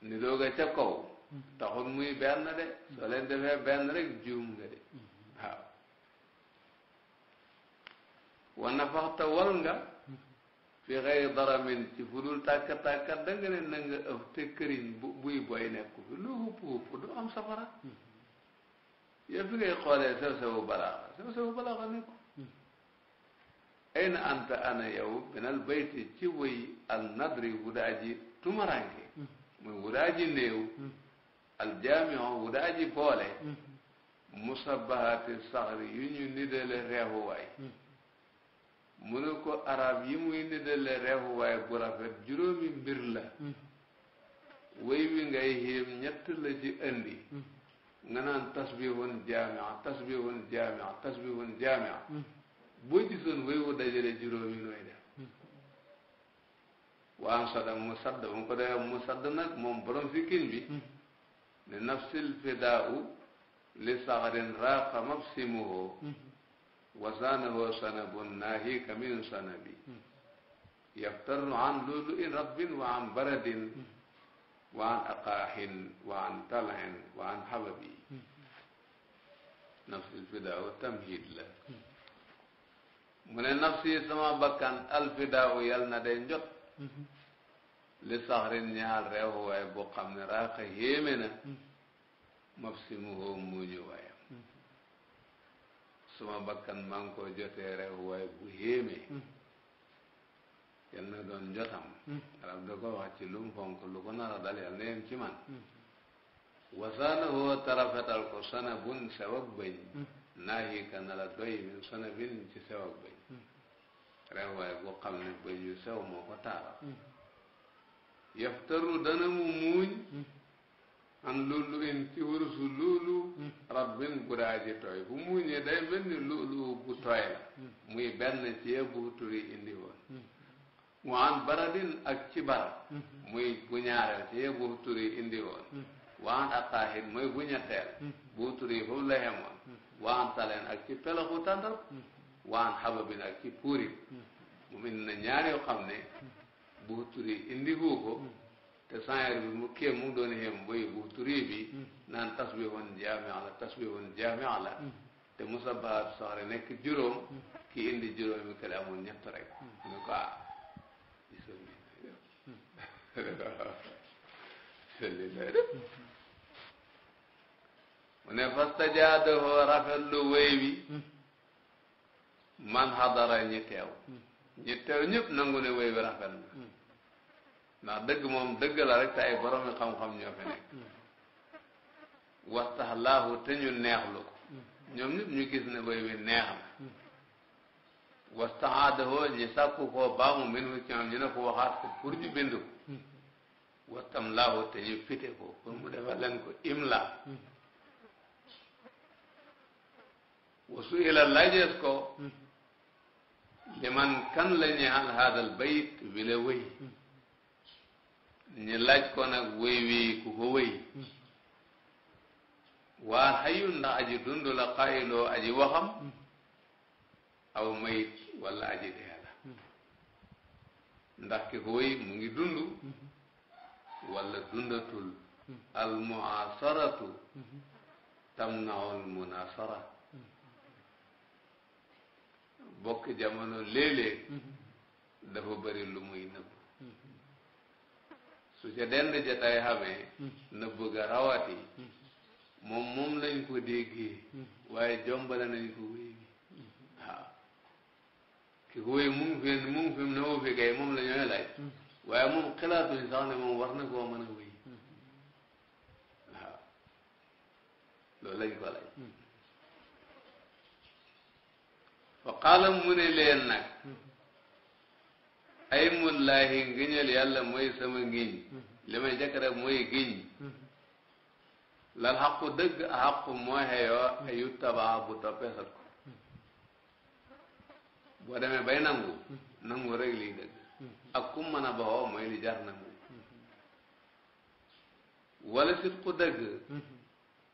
ni dooga ca kaw taxul muy benn de soo leen defee benn rek juum nga de waaw wa nafaxta wal nga fi xëy daramin ci fu dul tàkka-tàkka ne na nga bu buy boy nekku fi lu hupp hupp du am safara yow fi ngay xoolee sew sewu balaaxa sew sewu balaaxa nekku ayna anta ana yow benal bayti ci wëy al nadri bu ji tumaranke muy wudaaji néew hmm. aljaamion wudaaji boole hmm. musabahaati saxri yu ñu nidale reexuwaay hmm. mu ne ko araab yi muy nidale reexuwaay bu rafet juróomi mbir la way wi ngay xiim ñett la ci indi nga naan tasbihun jaamia tasbihun jaamia tasbihun jaamia boo gisoon way wu dajale juróomi nooy def waan sadam mu sadd ba mu ko defee mu sadd nag moom borom sikkin bi ne nafsil fidaau li saxarin raaqa mabsimuhoo wasaanahoo sanabun naahika min sanabi yaftarnu an lulu in rabbin wa an baradin wa an aqaahin wa an talahin wa an hababi nafsil fidaau tamhid la mu ne nafsi sama bakkan alfidaau yal na day njot Mm-hmm. li saxrin ñaal reew waay boo xam ne raaxa yéeme na mm-hmm. mab si mu hoo muuñu waayam mm-hmm. suma bakkan maa ngi jotee reew waay bu yéeme yal na doon jotam arab da ko wax ci lu mu fonk dal yal na yem ci man wasaana hoo tarafetal ko sana bun sewag bëñ naa ka na la min sana bin ci sewag bëñ rew waaye boo xam ne bëñ yu sew moo ko taaral mm. yaftaru dana mu muuñ mm. an lulluin ci wursu luulu mm. rabbin gudaaji tooy bu muuñee day mel ni luulu bu tooy la muy benn ci yebbu turi indi woon mu ak ci bara muy bu ñaareel ci bu ñetteel bu foofu la yemoon waan taleen ak ci pelaxu tàndal waan xababin bi na puurim mu indi na ñaar yoo xam ne buuturi indi goo te sànqer bi mu kéem mu doon yem bay buuturi bi naan tasbihun jaamia la tasbihun jaamia la te musabbahaat soxre nekk juróom ki indi juróomi kële ñett rek ñu ko ah mu ne fastajaadahu rafetlu wéy wi man xadara ñi teew ñi teew ñëpp nangu ne wéy bi rafet na hmm. ndax dëgg moom dëgg la rek te ay boromi xam-xam ñoo fi nekk hmm. wastax laahu te ñu neexlu ko hmm. ñoom ñëpp ñu gis ne wéy wi neex na wastaxaadahoo ñi sàkku koo baamu min hu ci ñoom ñu ne ko waxaat ko pour ñu bind ko wastam laahu te ñu fite ko pour mu defal ko imla wasu ila lajees ko li man kan la ñeexal haadal bayit wi la wëy ñu laaj ko nag wëy wii ku ko wëy waa xayu ndax aji dund la xaayiloo aji waxam aw mayit wala aji dee ndax ki ko mu ngi dund wala dundatul al muasaratu tamnaul munasara bokk jamono léeg-léeg mm-hmm. dafa bëri lu muy nëbb mm-hmm. su ca dend jataay xamee mm-hmm. nëbb ga rawati moom moom lañ ko déggee waaye jombale nañ ko wéy waaw ki ko wéy mu ngi fi mu ngi fi ne woo fi moom la ñooy laaj waaye moom xalaatuñ sax ne moom war na koo mën a wéy waaw loolu lañ ko laaj fa qaala mu ne leen nag ay mullaahi ngëñal yàlla mooy sama ngiñ li may jëkk rek mooy giñ lal xaqu dëgg a xaqu mooy xeyoo ayu tabaa bu toppeesal ko boo demee bay nangu nangu rek dëgg ak kum mën a baxoo mooy li jar nangu wala sit ku dëgg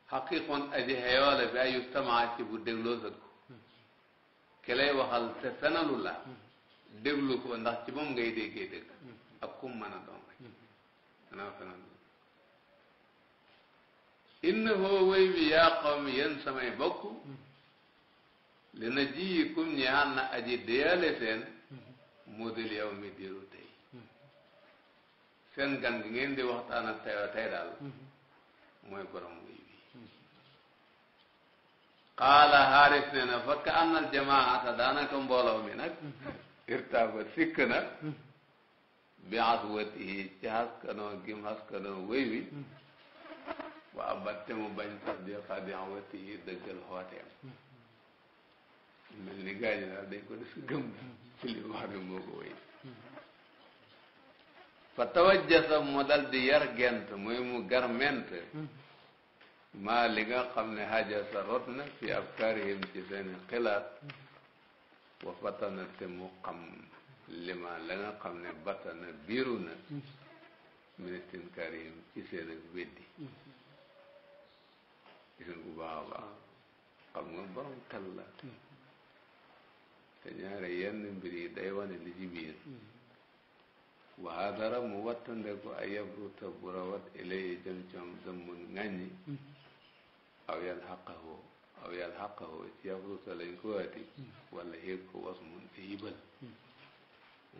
xaqiqoon aji xeyoo la bi ayu tamaa ci bu dégloo sat ki lay waxal te fenalu la déglu ko ndax ci moom ngay déggee dëgg ak kum mën a doon rek danaa hoo way bi yaa qawmi yéen samay bokk li na ji kum ñaan na aji déyale seen moo dil yow mi diiru tey seen gan gi ngeen di waxtaan ak tey tey daal mm-hmm. mooy borom gi qaala xaaris ne na fakk annal jamaata daanaka mbooloo mi nag irtaaba sikk na bi aswatihi ci haskanoo gim haskanoo wéy wi wa abatte mu bañ sax di xadian watihi dëggal xooteem mel ni gaañu daal dañ ko def gëm ci li wax ne moo ko wéy fa tawajjasa mu dal di yar gent muy mu garment maa li nga xam ne haja sa rot na fi afkaarihim ci seeni xilaat wa fatana te mu xam lima la nga xam ne batana biiru na ministin kaarihim ci seen ak weddi gisin bu baax a baax nga borom xel te ñaare yenn mbir yi li ci biir waxaa dara mu wattande ko ay yabruta bu rawat ilay jëm coom dëmmun ŋàññi aw yalhaqahu aw yalhaqahu yafruta lañ ko waati wala yëg ko was mun te yibal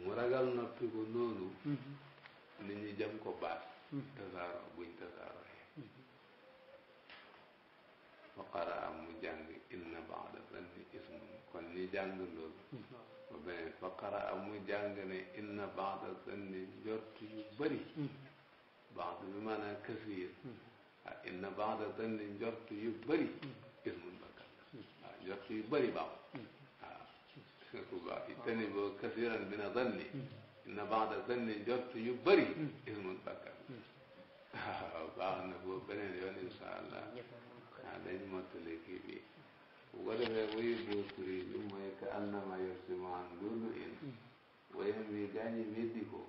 mu ragal noppi ko noonu nit ñi jëm ko baat tasaaroo buñ tasaaroo yi fa qaraa mu jàng inna baada zanni ismun kon ñi jàng loolu ba beneen fa qaraa mu jàng ne inna baada zanni njort yu bëri baada bi maanaam kasiir ah inna ba'da zanni njort yu bëri ismun bakkan la ah, waaw njort yu bëri baaxul waaw ah, gis nga ah, baax ijtanibu kasiran mina zanni inna ba'da zanni njort yu bëri ismun na bi bu ko defee wuyu doo kuri bi mooy ka annama yorsimu in wayam wi gaañi weddi ko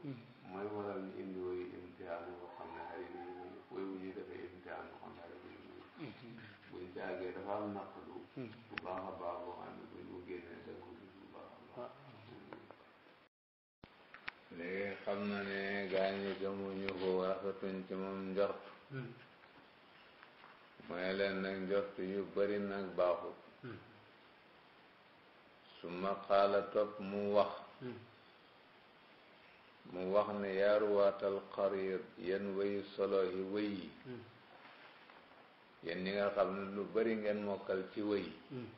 mooy waral ñu indi woyu imtihaanu boo xam ne hari woy xam na ne gaa ñi gëmuñu ko rafetuñ ci moom mooy leen nag njort yu bëri na baaxut su ma xaala mu wax mu wax ne yaaruwaatal xarir yéen wéyu solo yi wéy yi hmm. yéen ñi nga xam ne lu bari ngeen mokkal ci wéy hmm.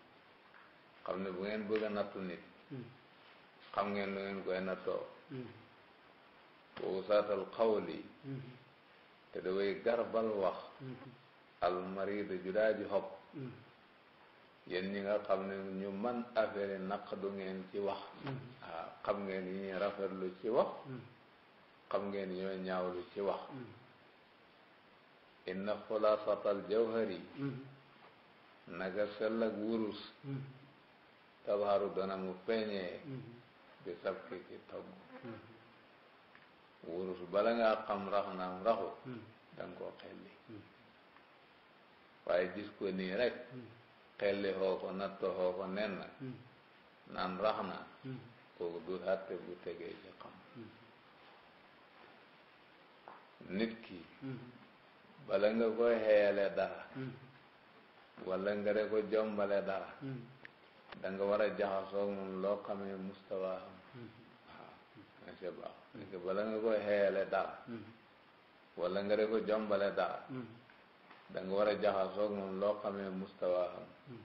xam ne bu ngeen bëgg a nattu nit hmm. xam ngeen lu ngeen koy nattoo wa usaatal xawli te daway garbal wax almarida ju daa ji xob yéen ñi nga xam ne ñu man affaire naq du ngeen ci wax xam ngeen ñi lu ci wax hmm. xam ngeen ñoo ñaawlu ci wax hmm. inna xulaasatal jawhari hmm. naga sell ak wurus tabaru dana mu peñee bi sabki ci togg wurus bala ngaa xam rax naam raxu danga xelli waaye gis ko nii rek xelli xoo ko natt xoo ko nen naan rax naa kooku du àtte bu tegee ci xam nit ki bala nga ko xeeyale dara wala jombale dara da nga war a jaxasoo moom loo xamee mustawa am waaw nga baax parce que bala nga ko xeeyale dara jombale dara hmm. da nga war a jaxasoo moom loo xamee mustawa am hmm.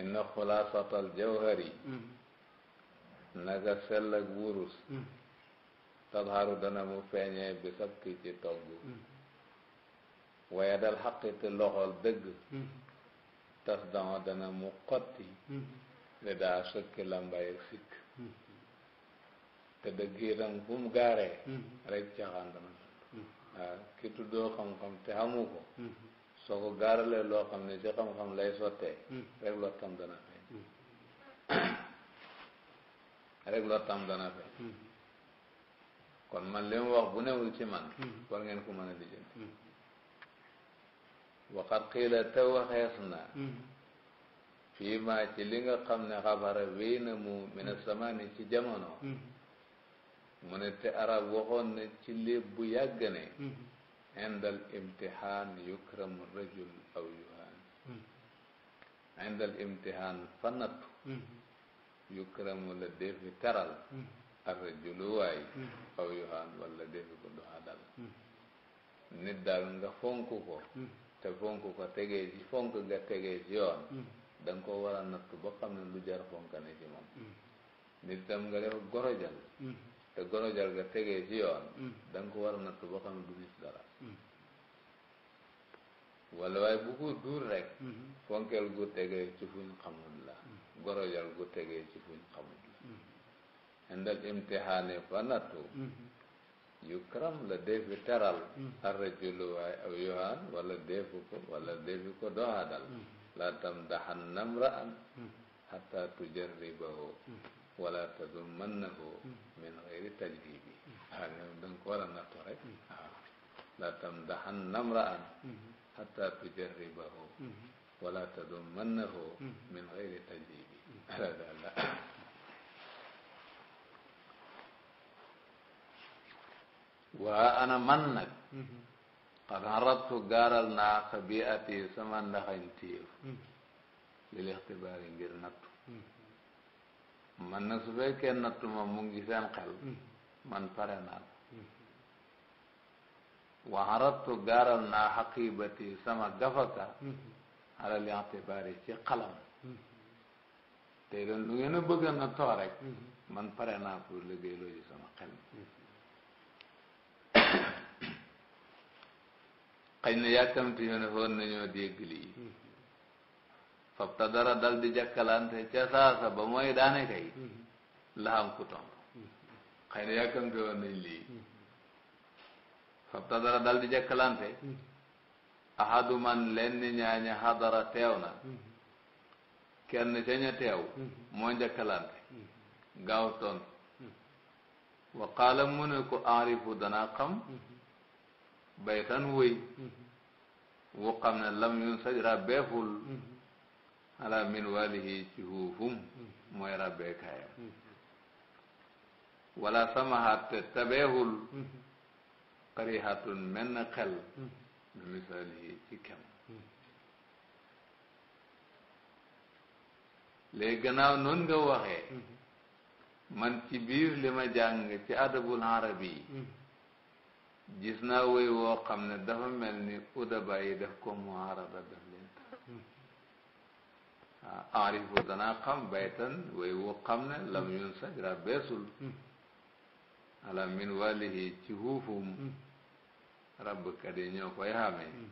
inna xulaasatal jawhari mm-hmm. naga sell ak wurus mm-hmm. tadharu dana mu feeñee bi sabki ci togg mm-hmm. waaye dal xaqi te loxol dëgg tas dama dana mu xotti li daa sëkki lambay sikk te dëgg itam fu mu gaaree rek caxaan dana ki tuddoo xam-xam te xamu ko soo ko gaaralee loo xam ne si xam-xam lay sottee hmm. rek lottam dana feeñ hmm. rek lottam dana feeñ hmm. kon man li wax bu newul ci man war ngeen ko mën a lijjanti waxat xiila te waxees na fii maa ci li nga xam ne xabara wéy na mu mina samaani ci jamono mu ne te arab waxoon na ci léeb bu yàgg ne indal imtihaan yukramu rajul aw yuhaan indal imtihaan fa nattu yukramu la defi teral ar rajulu waay aw yuhaan walla defi ko doxadal nit daal nga fonk ko te fonk ko tegee ci fonk nga tegee ci yoon da nga ko war a nattu ba xam ne lu jar fonk ne ci moom nit tam nga def gorojal te goro jar ga tegee ci yoon mm. da ko war a natt xam ne du gis dara mm. wala waaye bu ko duur rek mm-hmm. fonkeel gu tegee ci fuñ xamul la mm. goro jar gu tegee ci fuñ xamul
la
indal imtihaani fa nattu mm-hmm. yukram la deefi teral arrajulu waaye aw yohan wala ko wala deefi ko doxaadal laa tam daxan namraan xataa tujarribahu wala tazummannahu min gayri tajdibi ah ñoom da nga ko war a nattu rek ah la tamdaxanna mraan hatta tujarribahu wala tazummannahu min gayri tajdibi ala dala waa ana man nag qad harabtu gaaral naa xabiati sama ndaxañ téef lil ixtibaari ngir nattu man na su fekkee nattu ma mu ngi seen xel man pare naa waxaratu gaaral naa xaqibati sama gafaka alal itibaari ci xalam tey doon lu ngeen a bëgg na rek man pare naa pour liggéey looji sama xel xëy na yàkkamti ñu ne foon nañoo dégg lii fabta dara dal di jàkkalante ca saasa ba mooy daane kay la am ku tontu xëy na yàkkamte woon nañ lii fabta dara dal di jàkkalante ahadu man lenn ñaaña hadara teew kenn ca ña teew moo jàkkalante gaaw tontu wa qaala mu ne ko arifu danaa xam baytan woy wu xam ne lam yun sajra beeful ala min walihi ci huufum mooy ràbbeekaayam wala samahat te tabeexul xarihatun menn xel du misaalihi ci kem léegi gannaaw noonu nga waxee man ci biir li ma jàng ci adabul arabi yi gis naa woy woo xam ne dafa mel ni udaba yi def ko muharada def arifu danaa xam baytan way wu xam ne lam yun saj rabbeesul hmm. ala min walihi ci huufum hmm. rabbkat yi ñoo koy xamee hmm.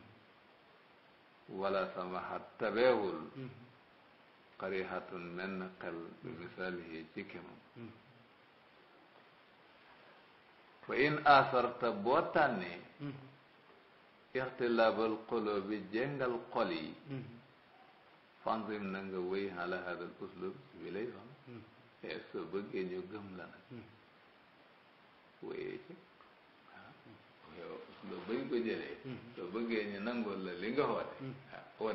wala sama tabeewul xarixatun menn bi misalihi ci kemam fa in asarta boo tànnee ixtilaabal xolo bi jéngal xol yi fanzir na nga wéy ala hadal uslub ci bi lay yoon hmm. et soo bëggee ñu gëm la nag hmm. wéyee ci waaw hmm. yow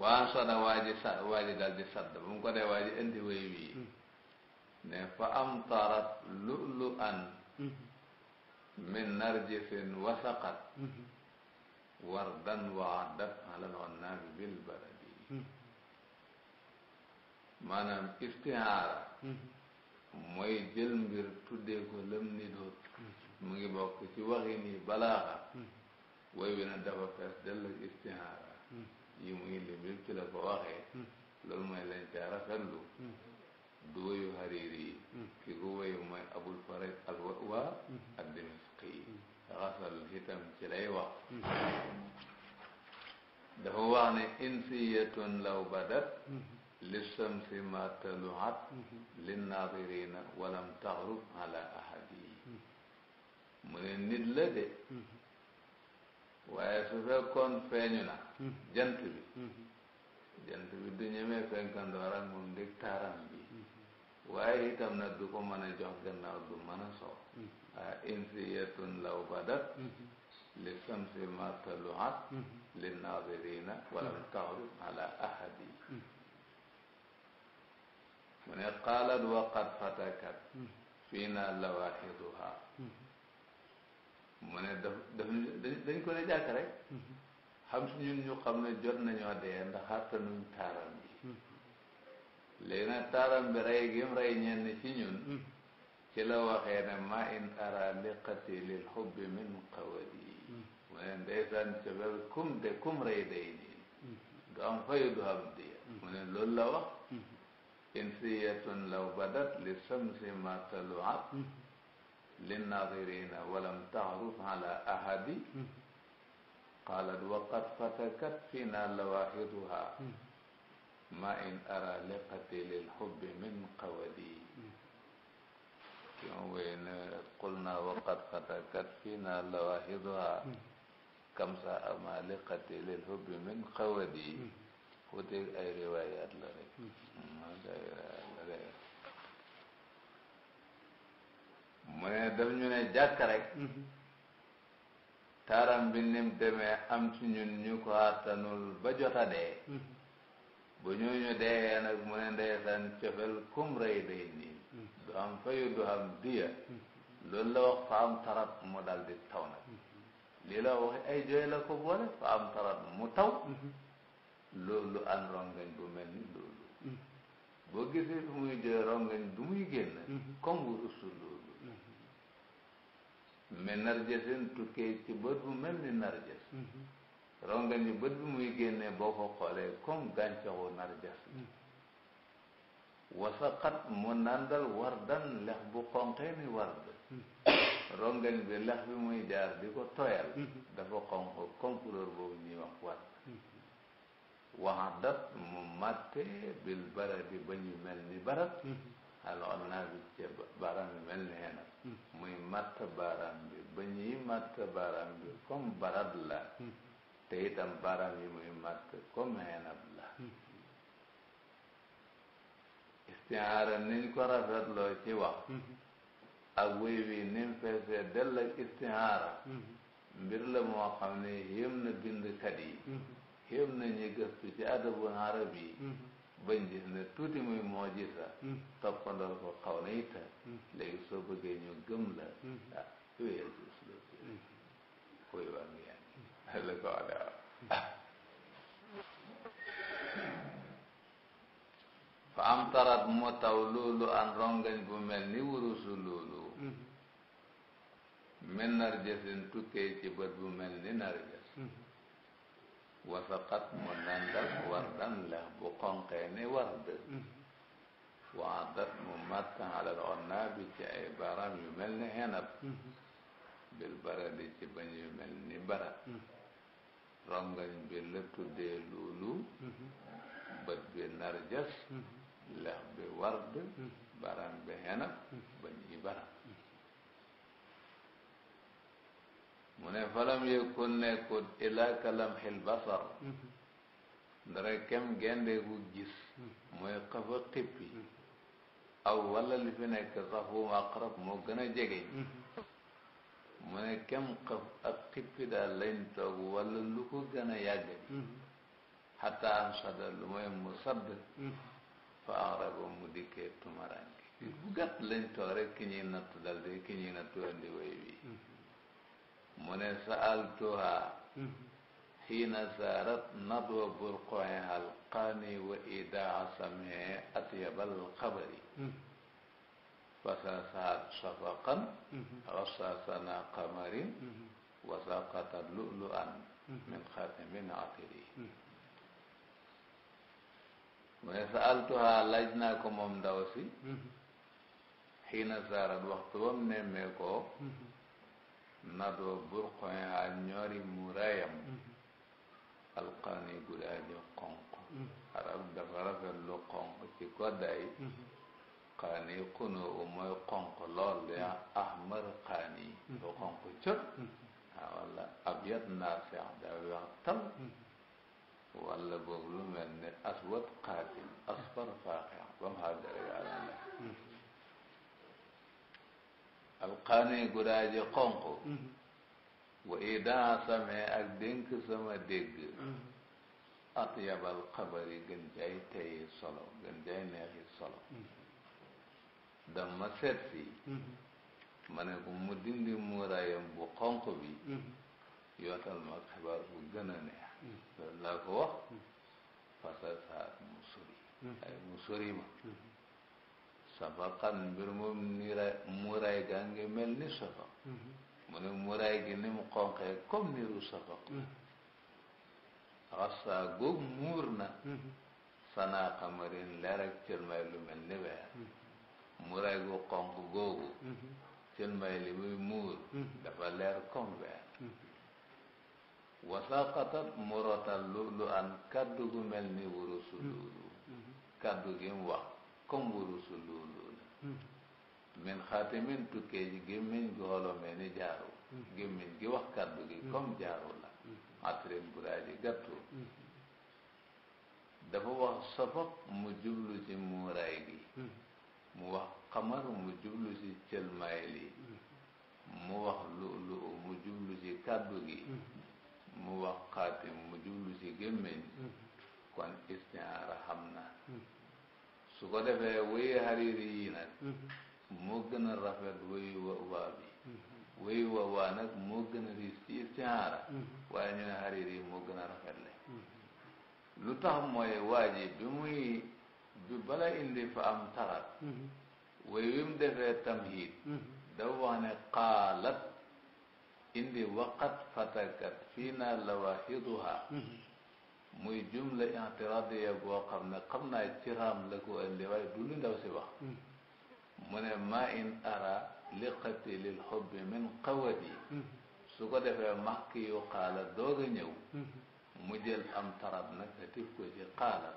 waa sada waa ji ji dal di sadd bu mu ko wii ne fa am tarat lulu an min narjisin wasaqat wardan waa daf'alan wa naam bil baladi maanaam istihaara mooy jël mbir tuddee ko lëm ni doot mu ngi bokk ci waxi ni balaaxa way wi na dafa fees dell ak istihaara yi muy lim yëpp ci la ko waxee loolu mooy lañ ca rafetlu du wayu Hariri yi ki ko wayu mooy abul farid al waa ak Dimisqi xasal itam ci lay wax dafa wax ne insiyatun law badat lissamsi ma taluhat linnadirina walam taxrub ala ahadi mu ne nit la de waaye su fekkoon feeñu na jant bi jant bi du ñemee fenkandoor ak moom ndig taaram bi waaye itam nag du ko mën a jox gannaaw du mën a soow insiyatun law badat li samsi ma taluat li nadirina walam taxrib ala ahadi mu ne qaalat wa qad fatakat fiina lawaxiduha mu ne daf daf dañ ko ne jàkk rek xam si ñun ñu xam ne jot nañoo dee ndax attanuñ taaram bi léegi nag taaram bi rey gim rey ñenn ci ñun ci la waxee ne ma in ara liqati lil xubbi min qawadi mu ne ndeysaan cobel kum de kum rey day nii du am fayu du am diya mu ne loolu la wax insiyatun law badat li samsi ma taluat linnadirina walam taaruf ala ahadi qalat waqad fatakat fina lawahiduha ma in ara liqati lil xubbi min qawadi yoon wey ne qulna waqad xatakat fiina lawahiduha hmm. kamsa amaliqati lil hubbi min xawadi futeeg hmm. ay riwaayaat hmm. la rek mu ne daf ñu ne jàkk rek taaram bi nim demee am ci ñun ñu ko àttanul ba jota dee bu ñooñu dee nag mu ne ndeysaan cofel kum rey day nii du am fayu du am diya loolu la wax fa am tarat mu dal taw nag lii la wax ay jooy la ko boole fa am tarat mu taw loolu an rongañ bu mel ni loolu boo gisee fi muy jooy rongañ du muy génn comme bu rusu loolu mais narjasin tukkee ci bët bu mel ni narjas mhm. rongañ bi bët bi muy génnee boo ko xoolee comme gàncaxu narjas wasaqat mu nandal wardan lex bu xonqee ni ward hmm. rongañ bi lex bi muy jaar di ko tooyal hmm. dafa xonq comme couleur boobu ñuy wax ward hmm. waxadat mu màtte bil baradi ba ñu mel ni barat alors naa bi ca baaraam bi mel ni xenat muy màtt baaraam bi ba ñuy màtt baaraam bi comme barat la te itam baaraam yi muy màtt comme xenat la istihaaram niñ ko rafetloo ci mm-hmm. wax ak wéy wi niñ feesee dell ak istihaara mm-hmm. mbir la moo xam ne yéem na bindkat yi mm-hmm. yéem na ñi ci adabul arab yi bañ gis ne tuuti muy moo gisa toppandoo ko xaw na itam léegi soo bëggee ñu gëm la ah wéyal suus la koy waa ngi wax fa am tarat mu taw loolu an rongañ bu mel ni wurusu loolu min mm-hmm. narjasin tukkee ci bët bu mel ni narjas mm-hmm. wasaqat mu nandal wardan lex bu xonqee ni ward mm-hmm. waadat mu matt alal onnaabi ci ay baram yu mel ni xenab bil baradi ci bañ yu mel ni barat rongañ bi tuddee loolu bët bi narjas lex bi ward hmm. baram hmm. bi xenaf bañ yi baram mu ne falam yëkkun nekkut ilaa kalam xil basar hmm. ndara kem gendeeku gis mooy xafa xippi aw walla li fi nekk sax wu ma moo gën a jege mu ne kem xëf ak xippi daal toog walla lu gën a yàgg xataa am lu mooy mu sadd fa araba mu dikkee tumaranke bu gàtt lañ toog rek ki ñuy nattu dal de ki ñuy nattu andi way wi mu ne saaltuha xiina saarat nadwa burqoe halqaani wa idaa samee atyabal xabari fasasaat safaqan rasasana qamarin wa saqata lu'lu'an min xatimin atiri mu ne saaltuha laaj naa ko moom ndaw si xiina saarat waxtu wam nemmee koo nadoo burqoin a ñoori muraayam alqaani gudaaji arab dafa rafet lu xonq ci koddaay qaani xunu u mooy xonq lool de ahmar qaani lu xonq cot abyad naasix daa weex walla boog lu mel ne aswad qaatil asfar faaqeex ba mu xaar dara yaa la nekk alqaani gudaaji xonq wa idaa samee ak dénk sama dégg atyabal xabari gën jaay teyi solo gën neexi solo dam ma seet si mu dindi muuraayam bu xonq bi mm-hmm. yootal ma xibaar bu gën neex loolu laa ko wax parce que mu sori hmm. ay mu sori ma hmm. sabaqan mbir moom ni ra muraay gaa ngi mel ni safaq hmm. mu ne muraay gi ni mu xonqee comme niru safaq xasaa góog muur na sanaa xamarin leer ak cëlmay lu mel ni weer muraay gu xonq googu cëlmay li muy muur dafa leer comme weer wasaqatat mu rotal lu lu an kaddu gu mel ni wurusu hmm. luulu hmm. kaddu gi mu wax comme wurusu luulu la hmm. min xaatimin tukkee ji gémmiñ gi xolomee ni jaaru gémmiñ gi wax kaddu gi comme jaaru la atrin buraaji gattu dafa wax sabab mu jublu ci muuraay gi mu wax xamar mu jublu ci cëlmaay li mu wax luulu mu jublu ci kaddu gi mu wax mu jublu gémmiñ mm-hmm. kon istiaara xam na mm-hmm. su ko defee wéyu hariri yi nag moo mm-hmm. gën a rafet wéyu wa waa bi wa waa nag moo gën a riis ci istiaara waaye ñu ne hariri yi moo gën a rafet le lu tax mooy waa bi muy bi bala indi fa am tarat wéy wi mu defee tamhid dafa ne qaalat indi waqat fatakat fii naa lawahiduha mm-hmm. muy jumla intiradiya boo xam ne xam naa ciraam la ko indi waaye du lu ndaw si wax mm-hmm. mu ne ma in ara li qatilil xubbi min qawati mm-hmm. su ko defee maxki yu qaala doog a ñëw mu jël am tarab nag nga tif ko ci qaalat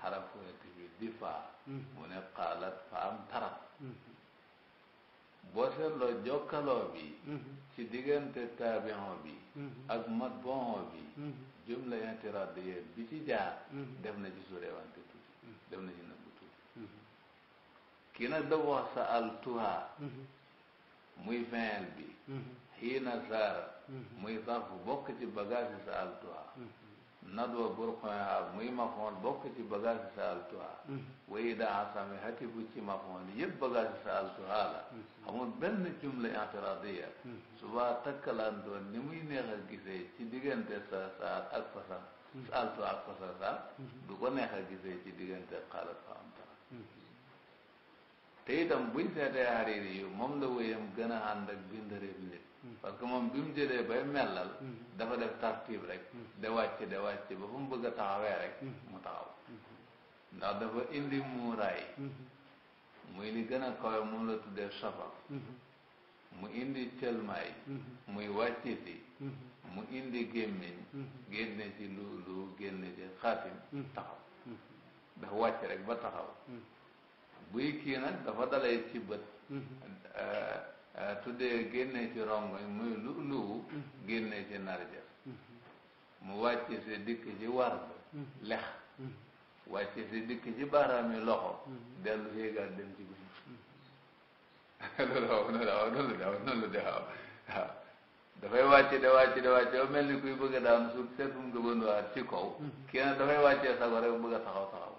xaraf ko nga difaa mu ne qaalat fa am tarab boo seetloo jokkaloo bi ci diggante taabion bi ak matbuon bi jumla intiradiyya bi ci jaar def na ci suurewante tuuti def na ci nëbbu tuuti kii nag dafa sa al tuha muy fi'il bi xiina saara muy sarfu bokk ci bagage sa al nadwa burqoha muy mafoon bokk ci bagage saaltuha wa idaa asami hati bu ci mafoon yëpp bagage saaltuha la amul benn jumla intiradiya suba takkalantoon ni muy neex a gisee ci diggante sa saal ak fasa saaltuha ak neex a gisee ci diggante xaalat fa am tara te itam buñ hariri yu moom la wéyam gën a ànd ak bindareeb Hmm. parce que moom bi mu jëlee bay mellal hmm. dafa def tartib rek hmm. de wàcc de wàcc ba fu mu bëgg a taxawee rek mu taxaw ndax dafa indi muuraay muy li gën a kawe moom la tuddee safa mu indi cëlmaay muy wàcciti mu indi gémmiñ génne ci luulu génne ci xaatim taxaw dafa wàcc rek ba taxaw buy kii nag dafa dalay ci bët euh, tuddee génne ci rongoñ muy lu luwu mhm. génne ci narja mhm. mu wàcc si dikk ci war mhm. lex wàcc si dikk ci baaraami loxo dellu yéegaat dem ci guñ loolu waaw noonu waaw noonu la waaw noonu la de waaw waaw dafay wàcce de wàcce de wàcce ba mel ni ku bëgg a daan suuf seetum nga bënduwaat ci kaw kii nag dafay wàccee sago rek bëgg a taxaw taxaw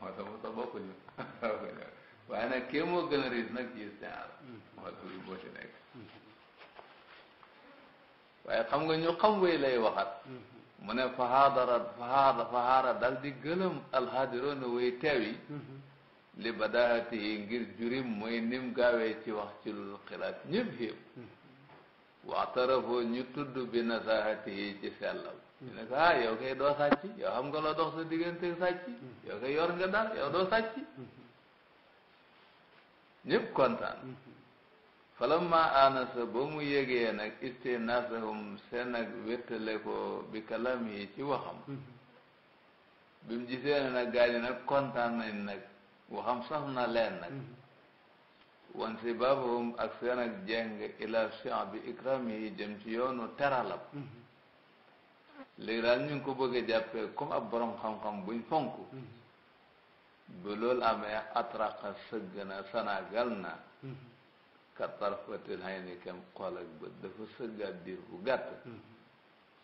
waaw moo tax moo tax bokkuñu waaye nag kii moo gën a riis nag ci istiaara waxal tur yi boo ci nekk waaye xam nga ñu xam wéy lay waxat mu ne fahaadara fahaada fahaara dal di gëlëm alhaadiroona way teew yi li badaatihi ngir jurim mooy nim gaawee ci wax ci lu xilaat ñëpp xéew waxtarafoo ñu tudd bi nasaahatihi ci sellam ñu ne ko ah yow kay doo sàcc yow xam nga loo doo sàcc ñëpp kontaan falamma anasa ba mu yégee nag istinasahum seen ak wéttale ko bi kalam yi ci waxam mm-hmm. bi mu gisee ne nag gaañu nag kontaan nañ nag waxam sax na leen nag mm-hmm. wan si baabahum ak seen ak jeng ila chan bi ikram yi jëm ci yoonu teralab mm-hmm. léegi daal ñu ngi ko bëgg a jàppee comme ab boroom xam-xam buñ fonk ba loolu amee atraqa sëgg na sanagal na ka tarfatil hayni kem xool ak bët dafa sëggaat diir bu gàtt hmm.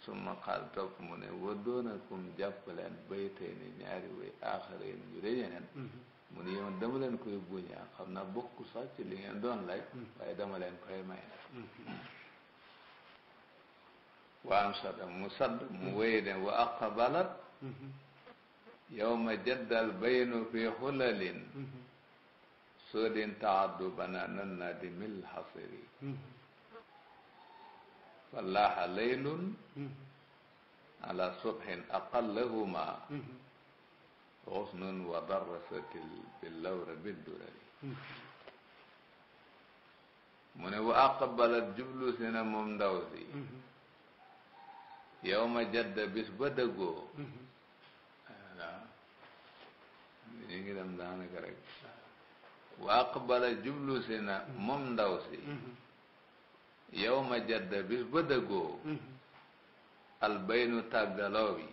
su ma xaal topp mu ne wa doonakum jàpp leen baytay ñaari way aaxara ñu reñeneen hmm. mu ne yow dama leen koy buñaa xam naa bokku sax ci li ngeen doon laaj hmm. waaye dama leen koy may mu sadd mu wéy wa aqbalat yow ma jaddal baynu fi xulalin soodin taaddu banaanan naadimil hasiri hmm. fallaaha laylun hmm. ala subhin aqallahuma xusnun hmm. wa darrasatil billawra biddurari mu ne wa aqbalat jublu si na moom ndaw si yow ma jadda bis ba dëggoo ñu ngi dem daanaka rek wa aqbala jublu si na moom ndaw si yow ma jadda bis ba albaynu tàggaloo bi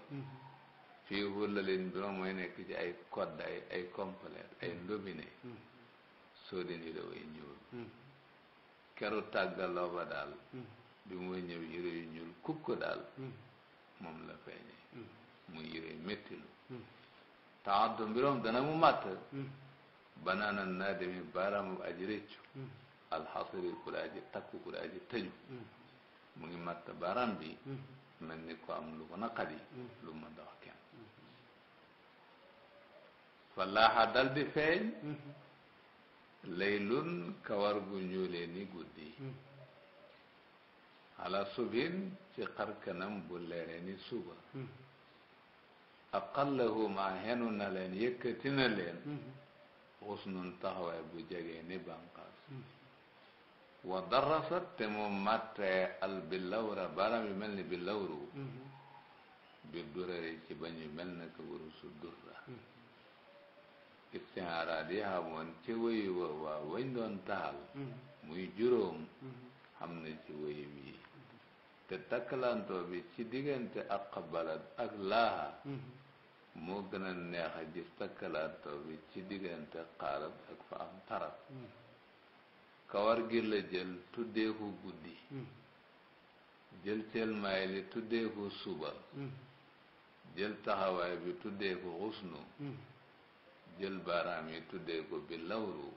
fii hullalin bi moom mooy nekk ci ay kodd ay ay complet ay ndobine soodin yu daway ñuul keru tàggaloo ba daal bi muy ñëw yére yu ñuul kukk daal moom la feeñe muy yére méttilu taxaddu mbiroom dana mu màtt banaana naadimi baaraamu aji rëccu hmm. alxasiri ku la takku ku la aji hmm. mu ngi matt baaraam bi hmm. mel ni ko am lu ko naqadi lu mën da kenn fa laaxa dal di feeñ laylun kawar gu ñuulee guddi ala subhin ci xarkanam bu leeree ni suba aqallahu ma xenu na leen yëkkati na xusnun taxawaay bu jege ni bànqaas hmm. wa darasat te mu màttee al billawra baaraam yu mel ni billawru hmm. bi durari ci bañ yu mel na ko wuru su durra hmm. istihaaraat yi xamoon ci wéyu waa wañ doon taxal muy juróom xam na ci wéyum yi te takkalantoo bi ci diggante ak xabalat ak laaha moo gën neex a gis takkalaatoo bi ci diggante xaaral ak fa am taraf hmm. kawar gi la jël tuddee ko guddi hmm. jël celmaay li tuddee ko suba hmm. jël taxawaay bi tuddee ko xusnu jël baaraam yi tuddee ko bi lawru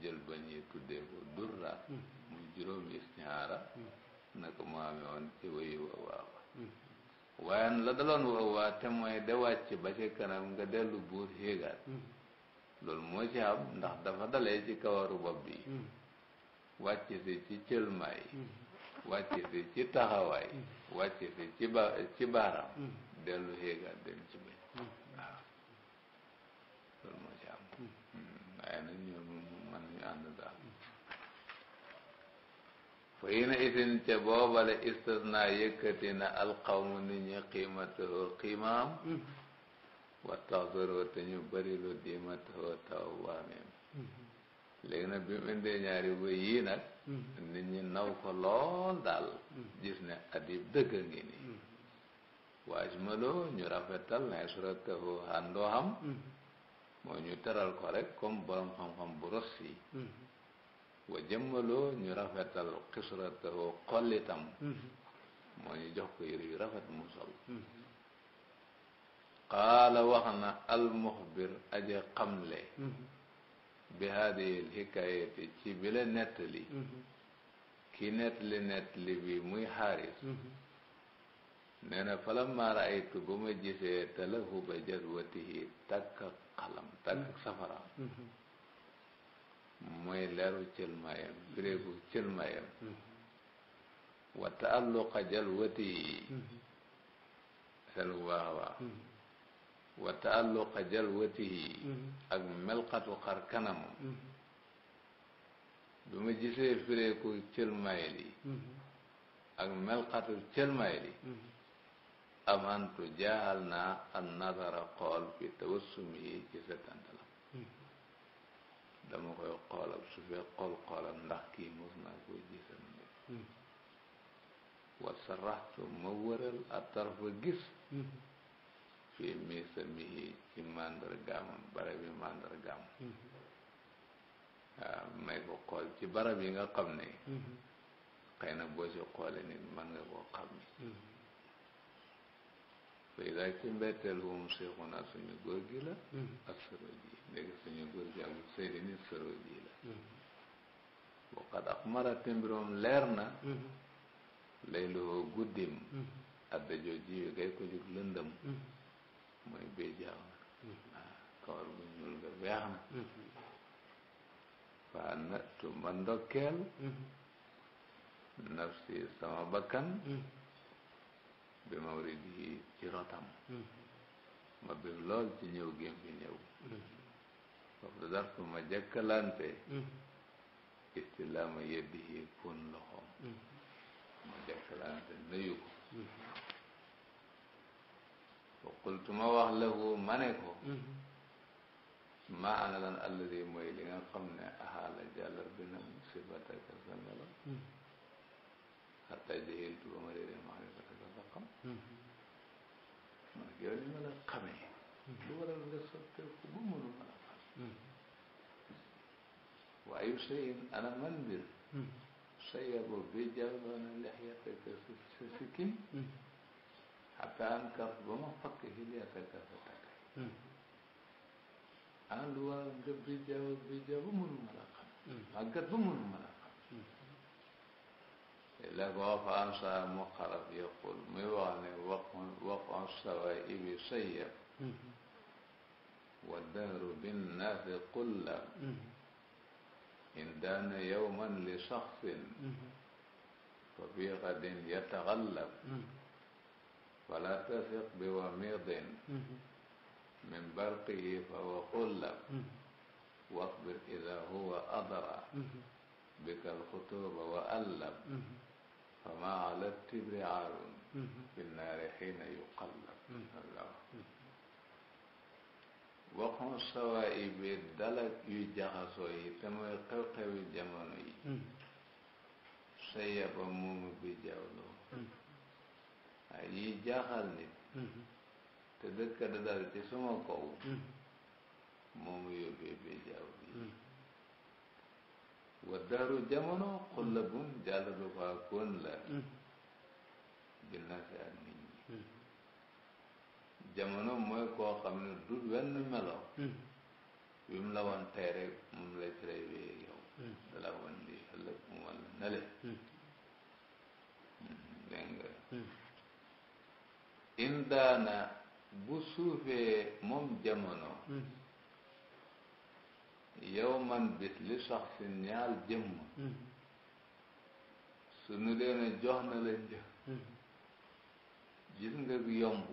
jël bañ yi tuddee ko durra muy juróom yi ñaara naka mu amee woon ci wayu waawa waaye la daloon woowaa te mooy de wàcc ba ci kanam nga dellu buur héegaat mm. loolu moo ci am ndax dafa dalee ci kawaru bopp bi mm. wàcc si ci cëlmaay mm. wàcc si ci taxawaay wàcc si ci ba dellu héegaat dem ci fa hina isin ca boobale istisna yëkkati na alqawmu nit ñi qiimatahoo qiimaam wa taxsaroo te ñu bari lu diimatahoo taw waameem léegi nag bi mu ñaari wéy yii nag ñi naw ko lool daal gis adib dëgg ngi nii waaj ñu rafetal na suratahoo handoo xam moo ñu teral ko rek comme borom xam-xam bu rossi wa jëmmaloo ñu rafetal xisratahoo xollitam moo ñu jox ko yére yu rafet mu sol qaala wax na almuxbir aje xamle bi haadihi lxikayati ci bi la nettali ki nettali nettali bi muy xaaris nee na falamma raaytu ba ma gisee talahuba jadwatihi takk xalam takk safaraam mooy leeru cëlmaayam bireeku mm-hmm. cëlmaayam mm-hmm. wa taalluqa jalwati yi seen bu baax a baax wa taalluqa jalwati yi mm-hmm. ak melxatu xar kanamam bi ma gisee fireeku cëlmaay li ak melxatu cëlmaay li amantu jaaxal naa an nazara xool fi tawassum yi ci setan dama koy xoolal su fee xool xoolal ndax kii mos naa ko gisandi hmm. wa saraxtu ma wëral a tarfa gis hmm. fii mii sa mii ci màndargaam barab yi màndargaam waaw hmm. ah, may ko xool ci barab yi nga xam ne xëy na boo si xoole nit mën nga koo xam léegi daal ci mbetteel bu mu seexoon ak suñu góor gi la. ak sëro ji léegi suñu góor gi ak sëri ni sëro ji la. Hmm. ak mara timbiroom leer na. Hmm. lay loo guddim. Hmm. adda joo jiwe kay ko jug lëndëm. mooy bee jaaw. Ah, na. waa na tu ma ndokkeel. nafsi sama bakkan. bi mawridi ci mm-hmm. ma bëgg lool ci ñëw gém fi ñëw foofu dar ko ma jëkkalante mm-hmm. istilaama yeddi yi pon loxoom mm-hmm. ma jëkkalante nuyu ko wa qultu ma wax lahu ma ne ko ma ana lan alladi mooy li nga xam ne ahaala jàllar bi na musibataka sa melo xatta jahiltu ba ma réere man ak yow ni ma la xamee. lu waral nga soppeeku ba mënu ma la xam. waaye sëyin ana man mbir. sayabo bi jàlloon lexyataka sa sikkin. xataa an kaf ba ma fakk hilyataka sa takkay. ana lu waral nga bi jàll bi jàll ba mënu ma la xam. màggat ba mënu ma la illa boo fa ansa mu xarab yaqul muy wax ne waqun waqun sawa ibi sayya wa dahru binnaasi qulla in daana yowman li saxsin fa fi xadin yataxallab fala tasiq bi wamidin min barqihi fa wa xullab wasbir ida huwa adra bika alxutuba wa allab fama ala tibri aarun binnaari xiina yuqallab waxoon sawa i bi dalak yu jaxasoo yi te mooy xew-xewi jamono yi sa yeba moomu bi jawloo ay yi jaaxal nit te dëkk da dal ci suma kaw moomu yóbbee bi jaww yi wa daaru jamono xullabum jàllalu waa koon la binnaasi hmm. ak nit ñi hmm. jamono mooy koo xam ne du wenn melo wi hmm. mu la woon tey rek moom lay tray wee yow da la woon lii ëllëg mu wan nale dégg nga bu suufee moom jamono yow man bis li sax si ñaal jëmm sunu leen a jox na la një gis nga yomb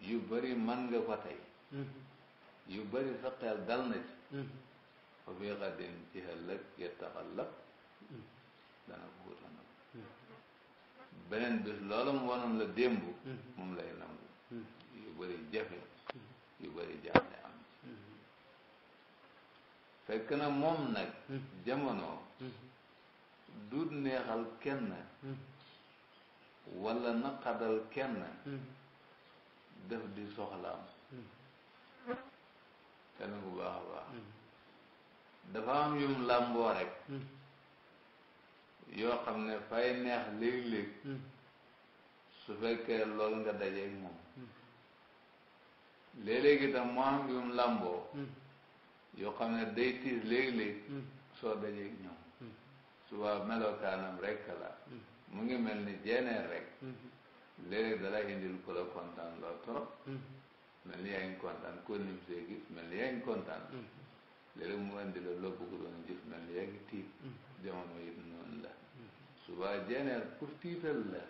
yu bari man nga ko tey yu bari sa xel dal na ci fa bi ci ëllëg yettaxallab dana ko wutanam beneen bis loolu mu wanoon la démb moom lay nangu yu bari jafe yu bari jàmm fekk na moom nag hmm. jamono hmm. duut neexal kenn hmm. wala naqadal kenn def di soxlaam kenn bu baax baax dafa am yum làmboo rek yoo xam ne fay neex léeg-léeg su fekkee lool nga dajeeg moom léeg-léeg itam am yum làmboo yoo xam ne day tiis léeg-léeg hmm. soo dajeeg ñoom hmm. suba melokaanam rekk la hmm. mu ngi mel ni jeeneen rek léeg-léeg dalay indil ku la kontaan loo mel ni yaa ngi kontaan koo nim see gis mel ni yaa ngi kontaan mu indi la loo gis mel ni yaa ngi tiit jamono it noonu la suba jeeneen pour tiital la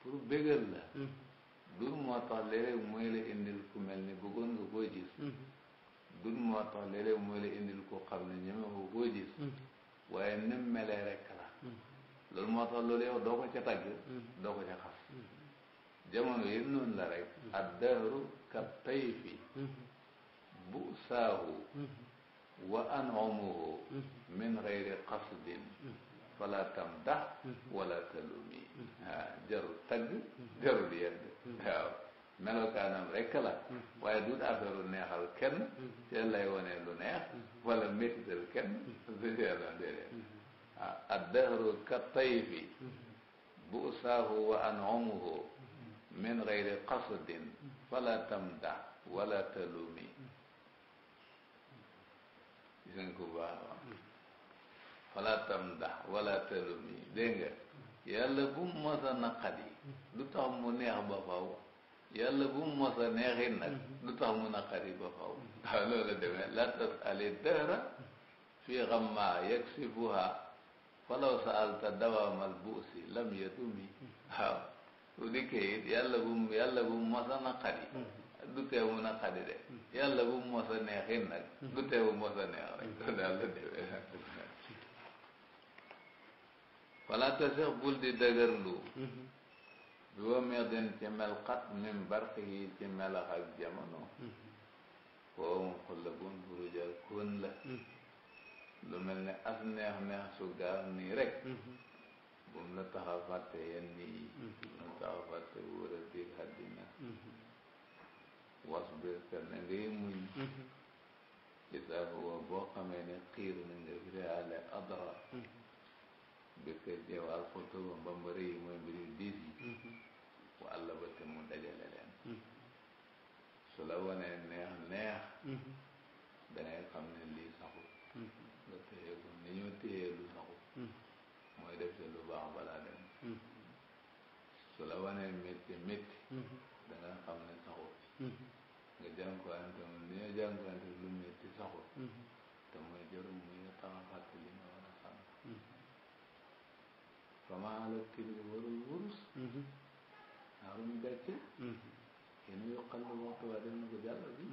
pour bégal la du moo tax léeg-léeg mooy indil ku mel ni bëggoon nga koo gis dug moo tax léeg-léeg mooy la indil koo xam ne ñeme ko koo gis mm. waaye nim melee rekk la mm. loolu moo tax loolu yow doo ko ca tagg mm. doo ko ca xas jamono yi noonu la rek addahru ka tayfi bu saahu wa an'amuhu min gayri qasdin fala tamdax wala talumi ah, jarul tagg jarul yedd waaw melokaanam rekk la waaye du affaire neexal kenn te lay wone lu neex wala métital kenn déedéet la déedéet addahru ka tayfi bu usaahu wa an'amuhu min gayri qasadin mhm. fala tamdah wala talumi gis nga ko baax fala tamdah wala talumi dégg nga mhm. yàlla bu mu mos a naqadi du ba faw yàlla bu mu mos a neexit nag lu tax mu naqari ba faw waaw loolu la demee la tas ali dëhra fii xamma yaksifuha falaw saalta dawaamal buusi lam yatumi waaw bu dikkee it yàlla bu mu yàlla bu mu mos a naqari du tee mu naqari de yàlla bu mu mos a neexit nag du tee mu mos a neex rek loolu daal la demee wala tasix bul di dëgërlu bi wa meedin ci mel xat min barqihi ci melax ak jamono foo mu xulla bun hurujal koon la lu mel ne as neex neex su gaaw nii rek bu la taxa fàtte yenn yi bu mu taxa biir àddina was biir te na ngay huwa boo xamee ne xiir na nga fi reale adra bi kër jeew alxutuba mbambari yi mooy mhm. mbiri diis yi wa àlla ba te mu dajale leen mhm. su la wanee neex neex mhm. dangay xam ne lii saxul nga téye ko ni ñu téye lu saxul mooy def ci lu baax balaa dem su la wanee métti métti danga xam ne saxul nga jànkuwante ni ñu jànkuwante comment la kii bi warul wurus. naa warul gàcce. yéen a yokkal ba mu waxtu waa dem na ko jàll bi.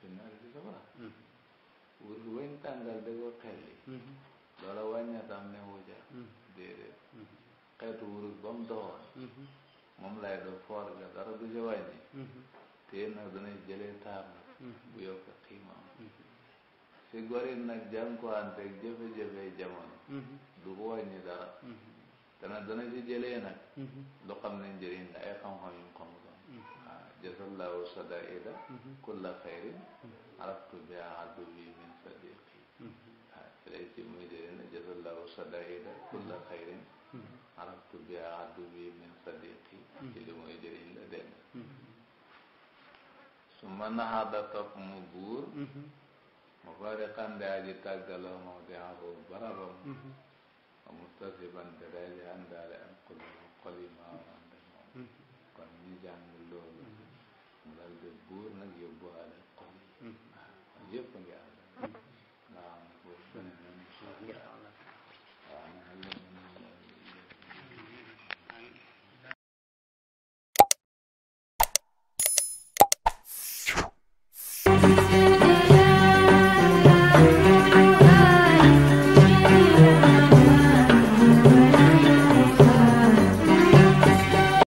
dinaa ci safara. wurus weñ tàngal da ko xelli. loola wàññatam ne wuja. déedéet. xeetu wurus ba mu doxoon. moom lay doon foor nga dara du ca wàññi. te nag dana jëlee taam. bu yokk xiimam. si gor yi nag jànkuwanteeg jafe-jafe jamono. du ko wàññi dara. dana dana ci jëlee nag mm-hmm. lu xam ne njëriñ la ay xam-xam yu mu xamu doon waaw jasallahu sadaida kulla xayrin mm-hmm. mm-hmm. araftu biha aduwi min sadiqi waaw jëlee ci muy jëlee na jasallahu sadaida kulla xayrin araftu biha aduwi min sadiqi ci li muy jëriñ la dégg su ma naxaada topp mu buur mu fariqan de aji tàggaloo moom di barabam muttasiban daraja àndaale ak xolima xolima ànd ak moom hmm. kon ñu jàng loolu hmm. mu dal de buur nag yóbbuwaale xol hmm. ah, yi yëpp ngi